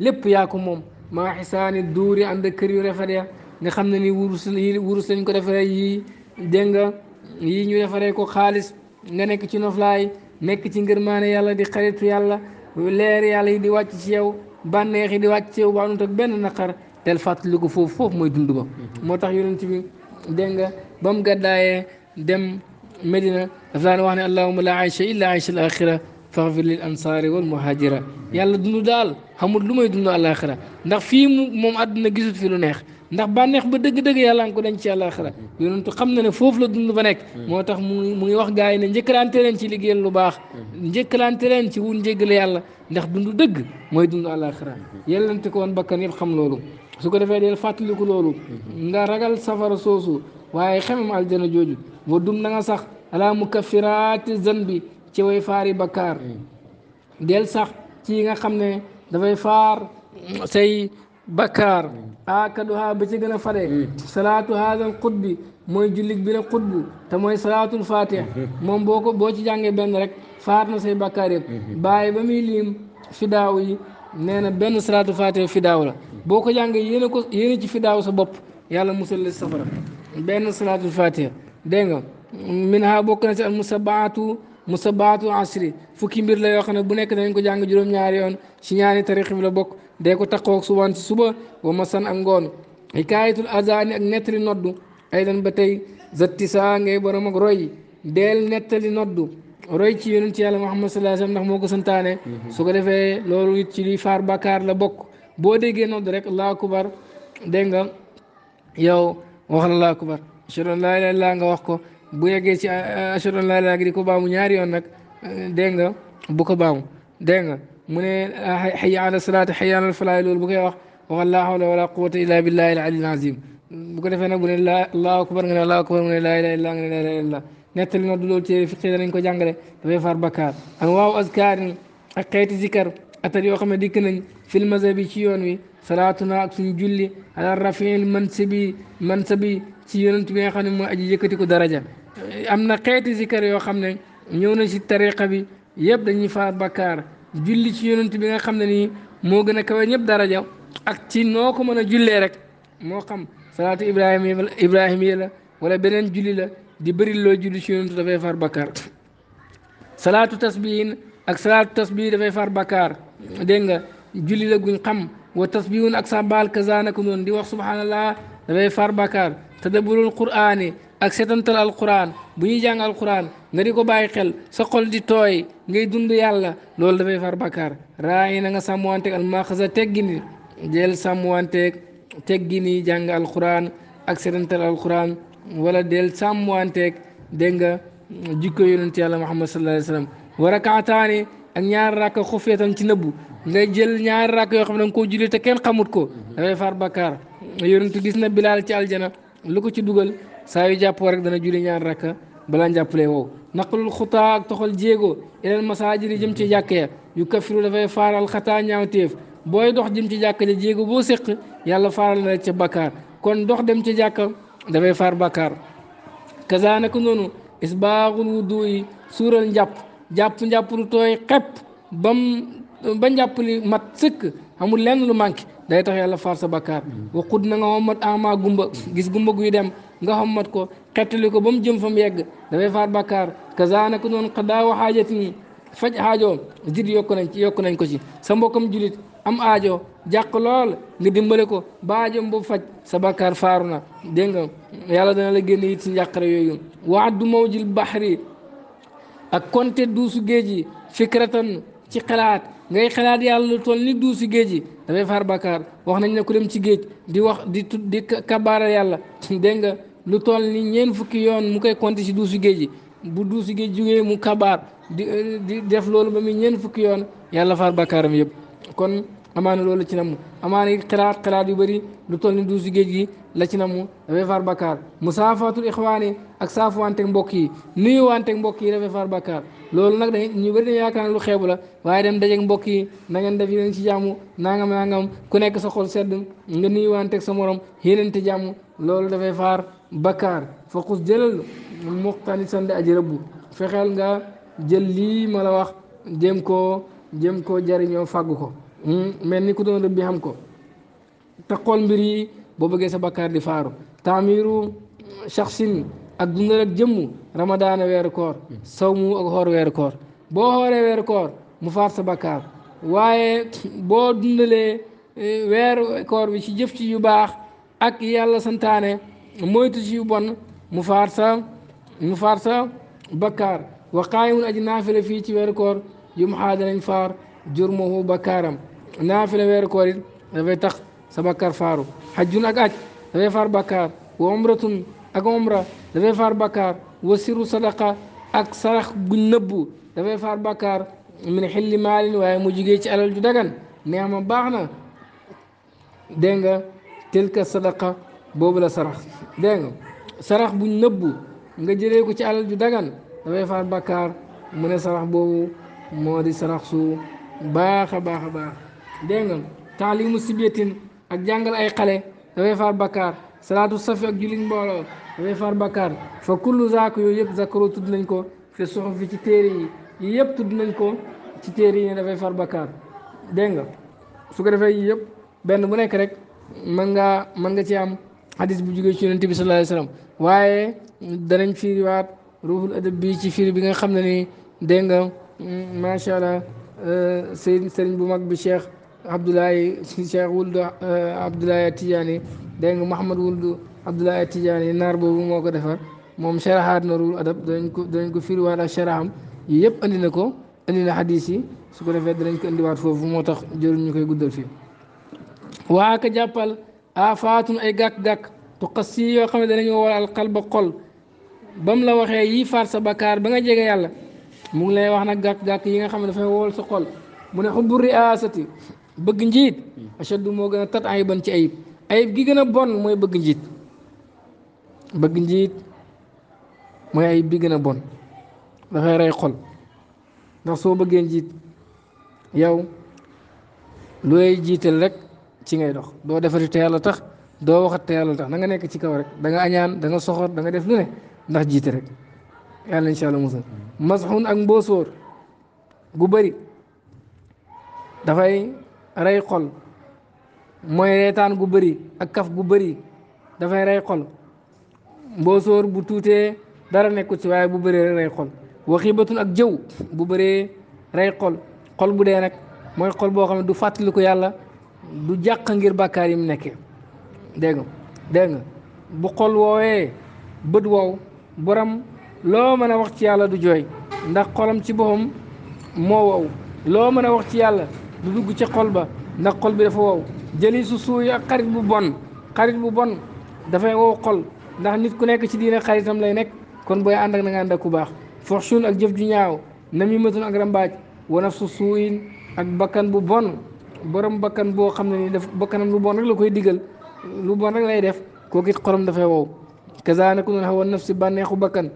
lépp yaa ko moom maa xisaani duuri ànd ak kër yu nga xam na ni wurus yi wurus lañ ko defaree yi dégg nga yi ñu defaree ko xaalis nga nekk ci noflaay nekk ci ngërmaane yàlla di xaritu yàlla leer yàlla yi di wàcc ci yow bànneexi di wàcce waanut ak benn naqar del fàttaliku foofu foofu mooy dund ba moo tax yonent bi dégg nga ba mu gàddaayee dem Medina daf daan wax ne allahuma la aysha illa aysha al axira faxfir lil ansaari wal muhajira yàlla dund daal xamul lu may dund alaxira ndax fii moom àdduna gisut fi lu neex ndax banex ba deug deug yàlla ko dañ ci àllaaxira yonentu xam na ne fofu la dund ba nek motax tax mu ngi wax gaay ne njëkkalante len ci liggéeyal lu baax njëkkalante len ci wun njéggale yàlla ndax dund dëgg mooy dund àllaaxira yellante ko won bakkan yeb xam lolu su ko defé del fatali ko lolu nga ragal safara soosu waaye xemam aljana joju wa dum na nga sax ala mukaffirat zanbi ci way faari bakkaar del sax ci nga xamne da dafay faar say Bakkaar aakaduha ba ci gën a fare hmm. salaatu haadal xutbi mooy jullit bi la xutbu te mooy salaatul fatih hmm. hmm. moom boo ko boo ci jàngee benn rek faat na say bakkaar yëpp bàyyi ba muy liim fidaaw yi nee na benn salaatul fatih fidaaw la boo ko jàngee yéene ko yéene ci fidaaw sa bopp yàlla musal la safara benn salaatul fatih dégg nga min bokk na ci musabaatu asri fukki mbir la yoo xam ne bu nekk danañ ko jàng juróom-ñaari yoon ci ñaari tarix bi la bokk dee ko taqoog subaan si suba wa masan ak ngoon hikaayatul azaani ak nettali noddu ay dan ba tey zatti saa ngay borom ak roy deel nettali noddu roy ci yonent ci yàlla muhammad sallallahu alayhi wasallam ndax moo ko santaane mhm. su ko defee loolu it ci li faar bàkkaar la bokk boo déggee nodd rek allahu akbar dégg nga yow waxal allahu akbar ashhadu an laa ilaaha illallaah nga wax ko bu yeggee ci eh, a an laa ilaaha illallaah ko baamu ñaari yoon nag eh, dégg nga bu ko baamu dégg nga mu ne eh, hayya ala salaati hayya ala falaahi loolu bu koy wax wax laa hawla wala quwwata illaa billaahi al aliyyil aziim bu ko defee nag bu ne laa allahu akbar nga ne allahu akbar mu laa ilaaha illallaah nga ne laa ilaaha illallaah nettali na du loolu ci fiqi danañ ko jàngale dafay far bakkaar an waaw azkaarin ak xeeti zikar atal yoo xam ne dikk nañ fil mazhabi ci yoon wi salaatuna ak suñu julli ala rafiil mansabi mansabi ci yonent bi nga xam ne mooy aji yëkkati ko daraja amna xeeti zikar yoo xam ne ñëw na ci tariqa bi yëpp dañuy faar bakkaar julli ci yonent bi nga xam ne nii moo gën a kawe ñëpp daraja ak ci noo ko mën a jullee rek moo xam salaatu ibrahim ibrahim la wala beneen julli la di bëri loo julli ci yonent dafay faar bakkaar salaatu tasbihin ak salaatu tasbih dafay faar bakkaar dégg nga julli la guñ xam wa tasbihun ak sabal kazaanako noonu di wax subhanallah dafay faar bakkaar tadabburul qur'aani ak setantal alquran bu ñuy jàng alquran nga di ko bàyyi xel sa xol di tooy ngay dund yàlla loolu dafay far bakkaar raa yi na nga sàmmanteeg almaxasa teggini jël sàmmanteeg teggini jàng alquran ak setantal alquran wala del sàmmanteeg dégg nga jikko yonent yàlla Muhammad sallallahu alayhi wa sallam wa rakaataani ak ñaar rakk xufeetan ci nëbbu nga jël ñaari rakk yoo xam ne da koo julli te kenn xamut ko dafay far bakkaar yonent gis na Bilaal ci aljana ko ci dugal. saa yu jàppoo rek dana julli ñaar rakka balaa njàppalee wow naqalul xutaa ak toxal jéego masaa masaajid jëm ci jàkka yu kafiru dafay faaral xataa ñaawteef booy dox jëm ci jàkka ja jéego boo séq yàlla faaral na ca bakkaar kon dox dem ci jàkka dafay faar bakkaar kaza naka noonu isbaaxul wuddu yi suural njàpp jàpp njàpp lu tooy xepp ba njàpp mat sëkk amul lenn lu manqué day tax yàlla far sa bakkaar waxut na nga xommat ama gumba gis gumba guy dem nga xommat ko xettali ko ba mu jëm fa mu yegg dafay faar bakkaar kazanaka noonu xadaawa xaajatin faj aajo jid yokk nañ ci yokku nañ ko ci sa mbokkam julit am aajo jàq lool nga dimbale ko ba aajoom boobu faj sa bakkaar faaru na dégg nga yàlla dana la génn it si njàqare yooyu waaddu mawjil bahri ak konte duusu géej yi fikratan ci xalaat ngay xalaat yàlla lu toll ni duus si géej gi dafay far bàkkaar wax nañ ne ku dem ci géej di wax di tud di kabaaral yàlla dégg nga lu toll ni ñeen fukki yoon mu koy compter si duusi géej gi bu duusi géej jógee mu kabaar di di def loolu ba muy ñeen fukki yoon yàlla far bàkkaaram yëpp kon amaana loolu la ci namu amaana it xalaat xalaat yu bëri lu toll ni duusi géej gi la ci namu dafay far bàkkaar musaafatul ixwaani ak saafuwanteeg mbokk yi wanteek mbokk yi dafay far bàkkaar loolu nag dañ ñu bëri dañ yaakaar lu xeebu la waaye dem dajeeg mbokk yi na ngeen def yéen ci jàmm nangam nangam ku nekk sa xol sedd nga nuyuwanteeg sa morom yéenante jàmm loolu dafay faar bakkaar faqus jëlal muqtanisan di aji fexeel nga jël lii ma la wax jëm koo jëm koo jariñoo fàggu ko hmm, mel ni ku doon rëbbi xam ko te xool mbir yi boo bëggee sa bakkaar di faaru taamiru shaxsin ak dundal jëmm ramadaana weeru koor sawmu ak xoor weeru koor boo xooree weeru koor mu faar sa bakkaar waaye boo dundalee weeru koor bi ci jëf ci yu baax ak yàlla santaane moytu ci yu bon mu faar sa mu faar sa bakkaar wa qaayimun aji naafila fii ci weeru koor yum xaa danañ faar jurmahu bakkaaram naafila weeru koor it dafay tax sa bakkaar faaru xajjun ak aj dafay faar bakkaar wa umratun ak umra dafay faar bakkaar وسيرو صدقه اك سرخ guñ دا فاي فار بكار من حل مال واي مو جيجي ci alal جو دغان نياما باخنا دنگا تلك صدقه nga tilka sadaqa boobu la sarax nga sarax nga jëlee ko ci alal ju dagan dafay faar bàkkaar mu ne sarax boobu moo di sarax su baax a baax a baax dégg nga taalimu sibiyatin ak jàngal ay xale dafay faar bàkkaar salaatu safi ak jullit mbooloo dafay far bakkaar fa kullu zaaka yooyu yëpp zakaroo tudd nañ ko fi suxuf fi ci téere yi yii yëpp tudd nañ ko ci téere yi ne dafay far bakkaar dégg nga su ko defee yii yëpp benn bu nekk rek mën ngaa mën nga ci am hadis bu jógee ci yonent bi sallallahu alayhi waaye danañ firiwaat ruuxul adab bi ci firi bi nga xam ne ni dégg nga mm, macha allah euh, sëriñ sëriñ bu mag bi cheikh abdoulaye cheikh wuldu abdoulaye tidiane dégg nga mahamad wuldu abdoulaye tidiane naar boobu moo ko defar moom sharaxaat na rul adab dañ ko dañ ko firiwaat ak sharaxam yii yëpp andi na ko andi na xadis yi su ko defee danañ ko indiwaat foofu moo tax jëruñ ñu koy guddal fii waa ka jàppal aafaatun ay gàkk-gàkk tuqas yi yoo xam ne danañu waral xalba xol ba mu la waxee yii faat sa bakkaar ba nga jege yàlla mu ngi lay wax nag gàkk-gàkk yi nga xam ne dafay wowal sa xol mu ne xubbu riasati bëgg njiit ashaddu moo gën a tat ayiban ci ayib ayib gi gën a bon mooy bëgg njiit bëgg njiit mooy ayib bi gën a bon dafay rey xol ndax soo bëggee njiit yow looy jiital rek ci ngay dox doo defati te yàlla tax doo waxat te yàlla tax na nga nekk ci kaw rek da nga añaan da nga soxor def lu ne ndax jiite rek yàlla incha allah musal masxun ak mboosóor gu bëri dafay rey xol mooy reetaan gu bari ak kaf gu bari dafay rey xol mboosóor bu tuutee dara nekku ci waaye bu bëree rey xol waxiibatun ak jëw bu bëree rey xol xol bu dee nag mooy xol boo xam ne du fàttaliku yàlla du jàq ngir bàkkaar yi mu nekkee dégg nga dégg nga bu xol woowee bët wow borom loo mën a wax ci yàlla du jooy ndax xolam ci boppam moo wow loo mën a wax ci yàlla du dugg ci xol ba ndax xol bi dafa wow jëli su suuy ak xarit bu bon xarit bu bon dafay wow xol ndax nit ku nekk ci diine xaritam lay nekk kon booy ànd ak na nga ànd ku baax foxsun ak jëf ju ñaaw namimatun ak rambaaj wanaf su suuyin ak bakkan bu bon borom bakkan boo xam ne ni daf bakkanam lu bon rek la koy digal lu bon rek lay def kooku it xolam dafay wow kaza nako noon xawa naf si bànneexu bakkan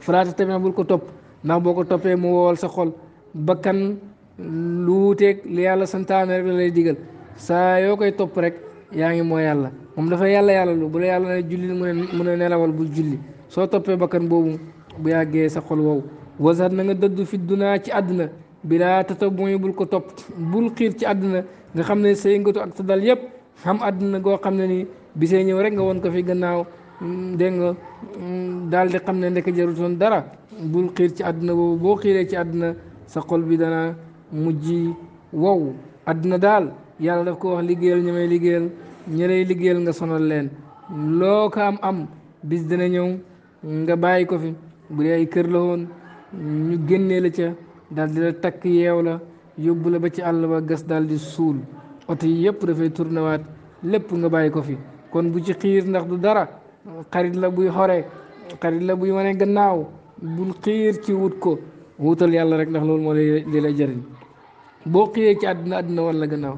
falaata tamit bul ko topp ndax boo ko toppee mu wowal sa xol bakkan lu wuuteeg li yàlla santaane rek lay digal saa yoo koy topp rek yaa ngi mooy yàlla moom dafa yàlla yàlla lu bu la yàlla ne julli mu ne mu ne nelawal bu julli soo toppee bakkan boobu bu yàggee sa xol wow wasat na nga dëddu fi dunaa ci àdduna bilaa tata boy bul ko topp bul xiir ci àdduna nga xam ne say ngatu ak sa dal yëpp xam àdduna goo xam ne ni bisee ñëw rek nga won ko fi gannaaw mm, dégg nga mm, daal di xam ne ndek jarutoon dara bul xiir ci àdduna boobu boo xiiree ci àdduna sa xol bi mujj wow àddina daal yàlla daf ko wax liggéeyal ñi may liggéeyal ñi liggéeyal nga sonal leen loo ko am am bis dina ñëw nga bàyyi ko fi bu dee ay kër la woon ñu génnee la ca daal di la takk yeew la yóbbu la ba ci àll ba gas daal suul oto yi yëpp dafay tournewaat lépp nga bàyyi ko fi kon bu ci xiir ndax du dara xarit la buy xore xarit la buy wane gannaaw bul xiir ci wut ko wutal yàlla rek ndax loolu moo lay lay jariñ boo xëyee ci àddina àddina wala gannaaw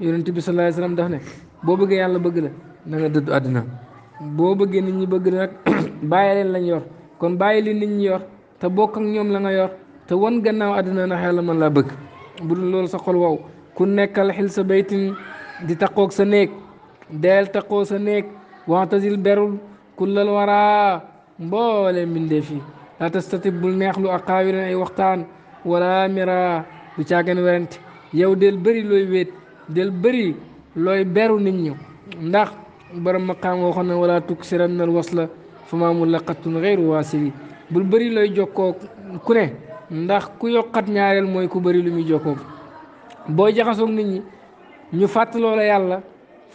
yonent bi sallallahu alayhi wasallam daf ne boo bëggee yàlla bëgg la na nga dëddu àddina boo bëggee nit ñi bëgg la nag bàyyi leen lañ yor kon bàyyi li nit yor te bokk ak ñoom la nga yor te wan gannaaw àddina ndax yàlla man laa bëgg bu lool loolu sa xol wow ku nekkal xil sa baytin di taqoog sa néeg deel taqoo sa néeg waxtasil berul kullal waraa mboolee mbindee fii la tastatib bul neexlu ak xaawiran ay waxtaan wala du caagan werante yow del bëri looy wéet del bëri looy beru nit ñi ndax borom maqaam waxoon na wala tuksiran nal wasla la maamu laqatun xeyru waasili bul bëri looy jokkoo ku ne ndax ku yokkat ñaareel mooy ku bëri lu muy jokkoo boo jaxasoog nit ñi ñu fàttaloo la yàlla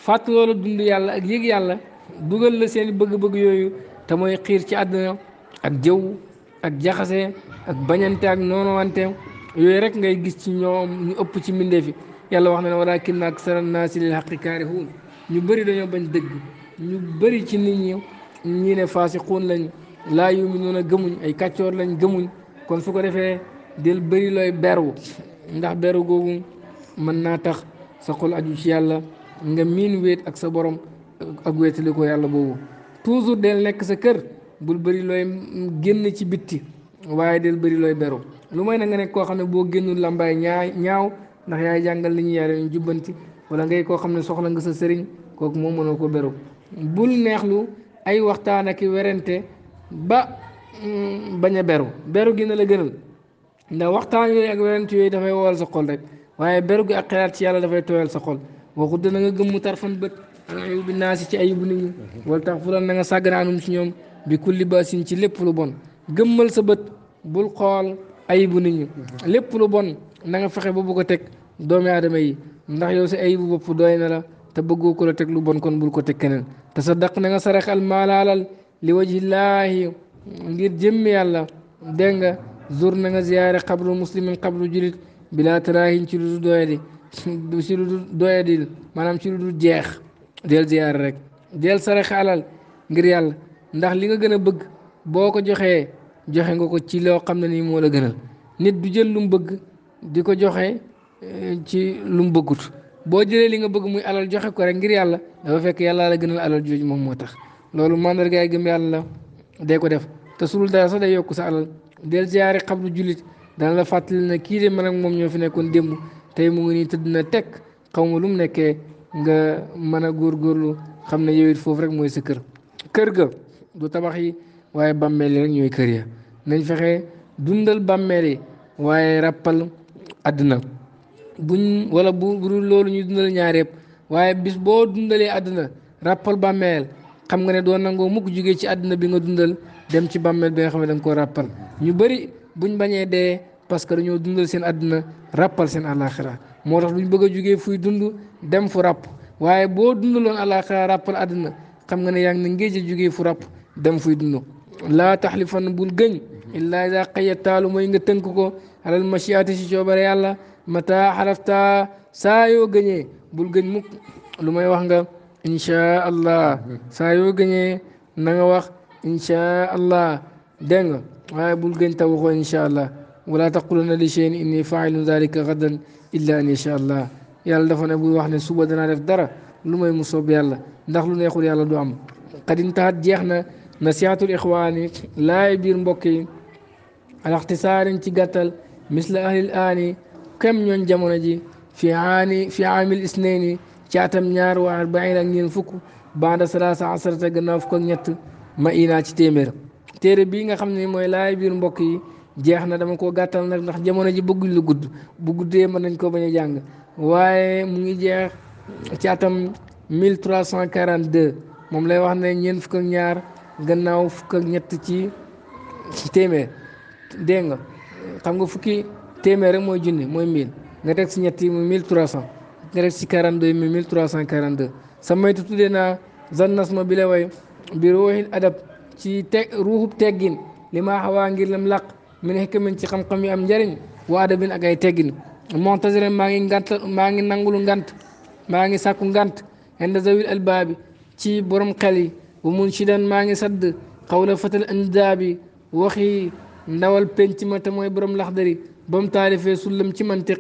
fàttaloo la dund yàlla ak yëg yàlla dugal la seen bëgg-bëgg yooyu te mooy xiir ci àdduna ak jëw ak jaxase ak bañante ak noonowante yooyu rek ngay gis ci ñoom ñu ëpp ci mbindee fi yàlla wax na ne walaakinna aksara naasi lil haqqi kaarihuun ñu bëri dañoo bañ dëgg ñu bëri ci nit ñi ñii ne faasiquun lañ laa yuminuuna gëmuñ ay kàccoor lañ gëmuñ kon su ko defee del bëri looy beru ndax beru googu mën naa tax sa xol aju ci yàlla nga miin wéet ak sa borom ak wéetali ko yàlla boobu toujours del nekk sa kër bul bëri looy génn ci bitti waaye del bëri looy beru lu may na nga nekk koo xam ne boo génnul làmbaay ñaay ñaaw ndax yaay jàngal li ñu yare ñu jubbanti wala ngay koo xam ne soxla nga sa sëriñ kooku moom mënoo ko béru bul neexlu ay waxtaan ak i werante ba mm, bañ a beru beru gi na la gënal ndax waxtaan yooyu ak werante yooyu dafay wowal sa xol rek waaye beru gi ak xalaat ci yàlla dafay tooyal sa xol waxut da nga gëm mu tarfan bët an ayubi naasi ci ayubu nit ñi wala tax fulan na nga sàgganaanum si ñoom bi kulli basin ci lépp bon gëmmal sa bët bul xool ayibu nit ñi lépp lu bon na nga fexe ba bëgg a teg doomi aadama yi ndax yow si ayibu bopp dooy na la te bëggoo ko la teg lu bon kon bul ko teg keneen te sa daq na nga sarax al maalaalal li wajhillaahi ngir jëmm yàlla dégg nga zur na nga ziyaare xabru muslimin xabru julit bilaa taraahin ci lu du doyadi ci lu du doyadi maanaam ci lu du jeex del ziyaare rek del sarax alal ngir yàlla ndax li nga gën a bëgg boo ko joxee joxe nga ko ci loo xam ne nii moo la gënal nit du jël lu mu bëgg di ko joxe eh, ci lu bëggut boo jëlee li nga bëgg muy alal joxe ko rek ngir yàlla dafa fekk yàlla la gënal alal jooju moom moo tax loolu mandargaay gëm yàlla la dee ko def te sulul dara sax day yokk sa alal del ziyaare xabru jullit dana la fàttali ne kii de man ak moom ñoo fi nekkoon démb tey mu ngi nii tëdd na tekk xaw ma lu mu nekkee nga mën a góor góorlu xam ne yow foofu rek mooy sa kër kër waaye bàmmeel yi rek ñooy kër ya nañ fexe dundal bàmmeel yi waaye ràppal àddina bu wala bu bu loolu ñuy dundal ñaar waaye bis boo dundalee àddina ràppal bàmmeel xam nga ne doo nangoo mukk jugee ci àddina bi nga dundal dem ci bàmmeel bi nga xam ne da nga koo ràppal ñu bëri buñ bañee dee parce que dañoo dundal seen àddina ràppal seen àllaaxira moo tax duñ bëgg a jugee fuy dund dem fu ràpp waaye boo dundaloon àllaaxira ràppal àddina xam nga ne yaa ngi ne ngéej fu ràpp dem fuy dund laa taxlifan bul gëñ illaa ida xayyataa lu mooy nga tënk ko alal machiati si coobare yàlla mata harafta saa yoo gëñee bul gëñ mukk lu may wax nga inchaa allah saa yoo gëñee na nga wax inchaa allah dégg nga bul gëñ ta waxoo inchaa allah wala taqulanna li cheyin inni failun dalika gadan illa an yasha allah yàlla dafa ne bul wax ne suba danaa def dara lu may mu soob yàlla ndax lu neexul yàlla du am nasihatul ixwaani laay biir mbokk yi alaxtisaarin ci gàttal misla ahlil aani kem ñoon jamono ji fi aani fi aamil isneeni ci atam ñaar wa arbain ak ñeen fukk baada salaasa asarata gannaaw fukk ak ñett ma inaa ci téeméer téere bii nga xam ne mooy laay biir mbokk yi jeex na dama koo gàttal nag ndax jamono ji bëgguñ lu gudd bu guddee mën nañ koo bañ a jàng waaye mu ngi jeex ci atam 1342 moom lay wax ne ñeen fukk ak ñaar gannaaw fukk ak ñett ci téeméer dégg nga xam nga fukki téeméer mooy junni mooy mille nga teg si ñett yi trois cent nga teg si quarante deux muy mille trois cent quarante deux sa maytu tuddee naa zannas ma bi la way bi ruuxil adab ci teg ruuxub teggin li maa xawaa ngir lam làq min xikamin ci xam-xam yu am njëriñ wa adabin ak ay teggin montagere maa ngi ngant nangulu ngant maa ngi sàkku ngant inde zawil albaabi ci borom xel yi ومنشدا ما نغي سد قول فتل اندابي وخي ndawal penc ma te mooy borom laxdari ba mu taalifee sullam ci mantiq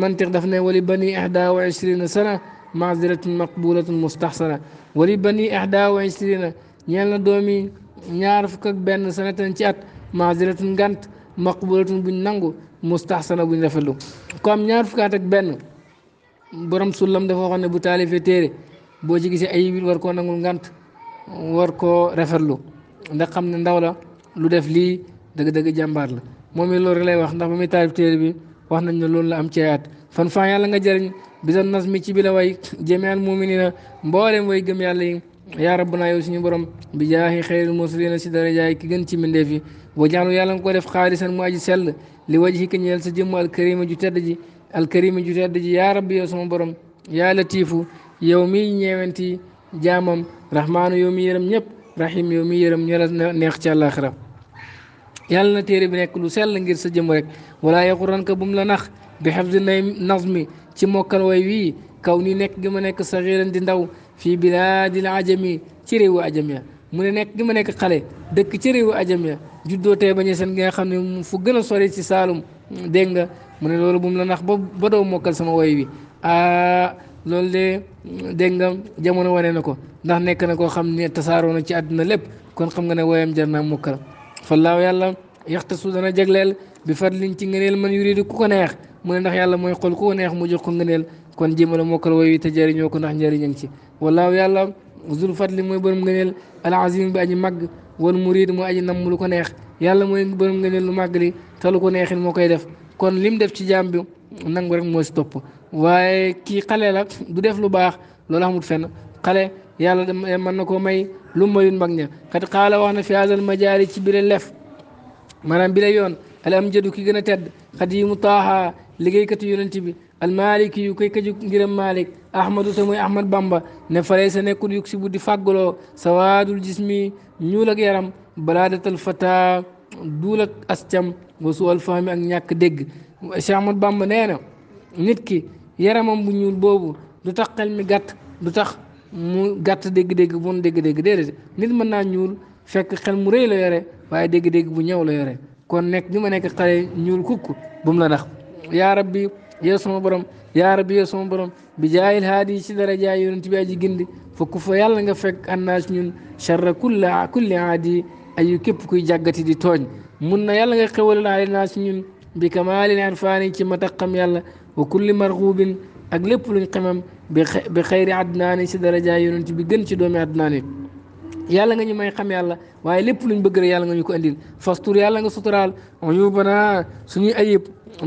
mantiq daf ne wali bani ihda wa ishrina sana maziratun maqbulatun mustaxsana wali bani ihda wa ishrina ñeel na doomi ñaar fukk ak benn sanatan ci at maziratun ngant maqbulatun buñ nangu mustaxsana buñ rafetlu comme ñaar fukk at ak benn borom sullam dafa waxoon ne bu taalifee téere boo ci gisee ay war koo nangul ngant war koo rafetlu ndax xam ne ndaw la lu def lii dëgg-dëgg jàmbaar la moom it loolu rek wax ndax ba muy taalif téere bi wax nañ ne loolu la am ci ayaat fan fan yàlla nga jëriñ bisa nas mi ci bi la way jamial muminina mbooleem way gëm yàlla yi yaa rabbana yow suñu borom bi jaahi xayril mursalina si darajaay ki gën ci mbindeef yi wajaanu yàlla nga ko def xaalisan mu aji sell li waji ki ñeel sa jëmm alkarima ju tedd ji alkarima ju tedd ji yaa rabbi yow sama borom yaa latiifu yow mi ñeewenti jaamam rahmaanu yow mi yërëm ñëpp rahim yow mi yërëm ñoras neex ci àllaaxira yàlla na téere bi nekk lu sell ngir sa jëm rek wala yaxuran ka bu mu la nax bi na nay mi ci mokkal way wi kaw ni nekk gi ma nekk saxiran di ndaw fii bilaadil ajami ci réewu ajam ya mu ne nekk gi ma nekk xale dëkk ci réewu ajam ya juddoo tey bañu seen gi nga xam ne fu gën a sori ci saalum dégg nga mu ne loolu bu la nax ba ba doo mokkal sama way wi loolu de dégg nga jamono wane na ko ndax nekk na koo xam ne tasaaroo na ci àdduna lépp kon xam nga ne woyam jar naa mukkal fallaaw yàlla yaxtasu dana jagleel bi fadliñ ci ngëneel man yuridu ku ko neex mu ne ndax yàlla mooy xool ku ko neex mu jox ko ngëneel kon jéemala mokkal woy wi te jëriñoo ko ndax njëriñam ci wallaahu yàlla zul fadli mooy borom ngëneel al azim bi aji màgg wal murid mooy aji namm lu ko neex yàlla mooy nga ngëneel lu màgg li te lu ko neexin moo koy def kon lim def ci jaam bi nangu rek moo si topp waaye kii xale la du def lu baax loolu amul fenn xale yàlla mën na koo may lu mu mayul mag ña kat xaala wax na fi asal majaari ci bile lef maanaam bile yoon al am jëdu ki gën a tedd xadimu taaha liggéeykatu yonent bi al maaliki yu koy këju ngiram malik ahmadu te muy ahmad bamba ne farey sa nekkul yug si buddi fàggaloo sawaadul jismi ñuul ak yaram balaadatal fata duul ak ascam wasu alfahmi ak ñàkk dégg Cheikh Ahmad Bamba nee na nit ki yaramam bu ñuul boobu du tax xel mi gàtt du tax mu gàtt dégg-dégg bon dégg-dégg déedéet nit mën naa ñuul fekk xel mu rëy la yore waaye dégg-dégg bu ñëw la yore kon nekk bi ma nekk xale ñuul kukk bu mu la nax yaa rabbi yow sama borom yaa rabbi yow sama borom bi jaayil haadi ci dara jaay yonent bi aji gindi fokk fa yàlla nga fekk annaas ñun charra kulli kulli aadi ayu képp kuy jàggati di tooñ mun na yàlla nga xewal naa naa si ñun bi kamaalin arfaani ci mataxam yàlla وكل مرغوب اغلب لن قمم بخير عدنان سي درجه يونت بي گن سي دومي عدنان يالا غني ماي خم يالا واي لپ لن بگر يالا غني كو انديل فستور يالا غ سترال عيوبنا سني ايب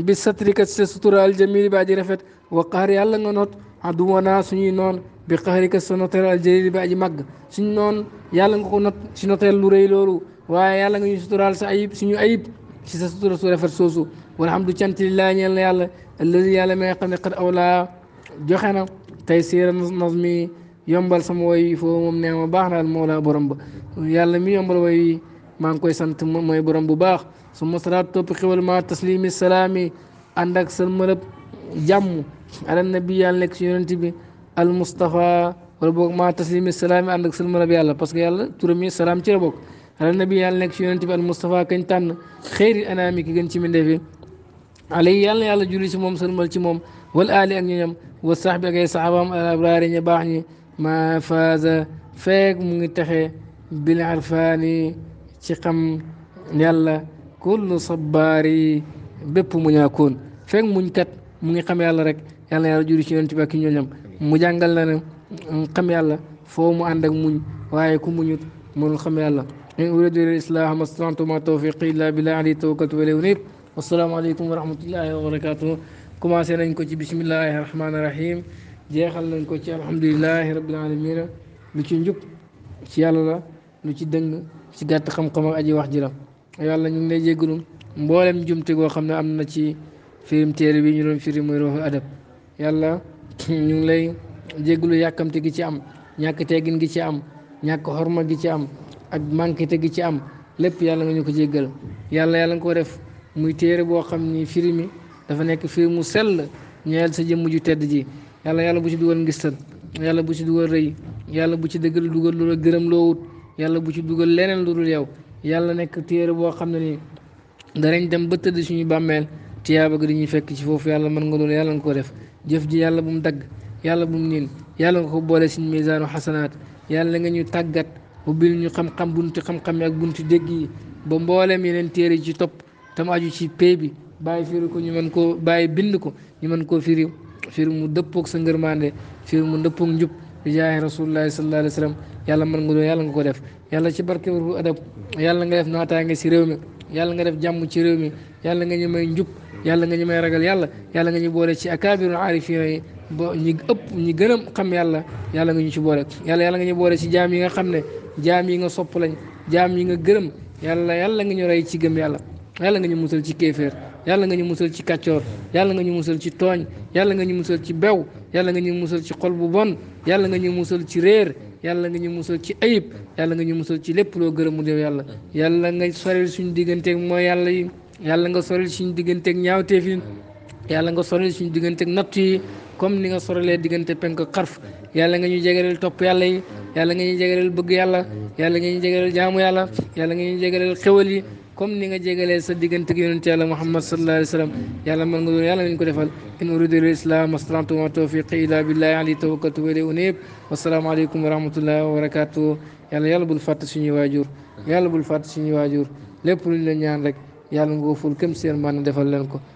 بستريك سترال جميل بعد رفت وقهر يالا غ نوت عدونا سني نون بقهرك سنوتر الجليل بعد مغ سني نون يالا غ كو نوت سنوتر لو ري لولو واي يالا غ سترال سايب سني ايب ci sa sutura su rafet soosu walhamdu cant lillaahi ñeel na yàlla allazi yàlla mi nga xam ne xat awlaa joxe na tey siira nazmi yombal sama woy foofu moom nee ma baax naal moo laa borom ba yàlla mi yombal woy maa ngi koy sant mooy borom bu baax su ma salaat topp xewal ma taslimi salaami ànd ak salmalëb jàmm ala nabi yàlla nekk si yonent bi al Mustafa wala boog ma taslimi salaami ànd ak salmalëb yàlla parce que yàlla turam yi salaam ci la bokk ala nabi yàlla nekk ci yonent bi al Mustafa kañ tànn xëyri anaami ki gën ci mbindéef yi alay yàlla na yàlla julli ci moom sëlmal ci moom wal aali ak ñoñam wa sax bi ak ay saxaabaam al abraari ña baax ñi ma faaza feeg mu ngi texe bil arfaani ci xam yàlla kullu sabbaari bépp muñaakoon feeg muñ kat mu ngi xam yàlla rek yàlla na yàlla ci yonent bi ak ki ñoñam mu jàngal na ne xam yàlla foo mu ànd ak muñ waaye ku muñut mënul xam yàlla إن أريد إلى الإصلاح ما استطعت وما توفيقي إلا بالله عليه توكلت وإليه أنيب والسلام عليكم ورحمة الله وبركاته كما سيرين كوتي بسم الله الرحمن الرحيم جاي خلنا نكوتي الحمد لله رب العالمين لتنجب سي الله لتدنج سي قات خم قمر أجي واحد جرام يا الله نجم نجي قلوم مبولم جمت قوة خمنا أمنا تي فيلم تيري بي نرون فيلم ويروه أدب يا الله نجم نجي قلو ياكم تيكي تي يا ياك تيكين تي أم ياك هرما تي أم ak manqué te gi ci am lépp yàlla nga ñu ko jéggal yàlla yàlla nga ko def muy téere boo xam ni firi mi dafa nekk firi mu sell ñeel sa jëmm ju tedd ji yàlla yàlla bu ci dugal ngistal yàlla bu ci dugal rëy yàlla bu ci dëggal dugal lu gërëm loo wut yàlla bu ci dugal leneen lu dul yow yàlla nekk téere boo xam ne ni darañ dem ba tëdd suñu bàmmeel tiyaaba gi dañuy fekk ci foofu yàlla mën nga loolu yàlla nga ko def jëf ji yàlla bu mu dagg yàlla bu mu niin yàlla nga ko boole suñu misaanu xasanaat yàlla nga ñu tàggat ubbil ñu xam-xam bunti xam-xam yi ak bunti dégg ba mboole mi yeneen téere ci topp tam aju ci pay bi bàyyi firi ko ñu mën koo bàyyi bind ko ñu mën koo firi firi mu dëppoog sa ngërmande firi mu dëppoog njub bi jaahi rasulullahi sallallahu alayhi wa sallam yàlla mën nga doo yàlla nga ko def yàlla ci barke bu adab yàlla nga def naataange si rew mi yàlla nga def jàmm ci réew mi yàlla nga ñu may njub yàlla nga ñu may ragal yàlla yàlla nga ñu boole ci akaabiru aarifina yi ba ñi ëpp ñi gën a xam yàlla yàlla nga ñu ci boole yàlla yàlla nga ñu boole ci jaam yi nga xam ne jaam yi nga sopp lañ jaam yi nga gërëm yàlla yàlla nga ñu rey ci gëm yàlla yàlla nga ñu musal ci kéeféer yàlla nga ñu musal ci kàccoor yàlla nga ñu musal ci tooñ yàlla nga ñu musal ci bew yàlla nga ñu musal ci xol bu bon yàlla nga ñu musal ci réer yàlla nga ñu musal ci ayib yàlla nga ñu musal ci lépp loo gërëm mu dew yàlla yàlla nga soril suñu digganteeg mooy yàlla yi yàlla nga soril suñu digganteeg ñaawteef yi yàlla nga soril suñu diggante ak natt yi comme ni nga soralee diggante penk xarf yàlla nga ñu jegaleel topp yàlla yi yàlla nga ñu jegaleel bëgg yàlla yàlla nga ñu jegaleel jaamu yàlla yàlla nga ñu jegaleel xewal yi comme ni nga jegalee sa diggante ak yonent yàlla muhammad sallallahu alayhi wa sallam yàlla mën nga doon yàlla nañ ko defal in uridu lil islam astantu ma tawfiqi illa billahi alayhi tawakkaltu wa ilayhi unib wasalaamu aleykum wa rahmatullahi wa barakatuh yàlla yàlla bul fàtte suñuy waajur yàlla bul fàtte suñuy waajur lépp luñ la ñaan rek yàlla nga ko ful këm seen ma na defal leen ko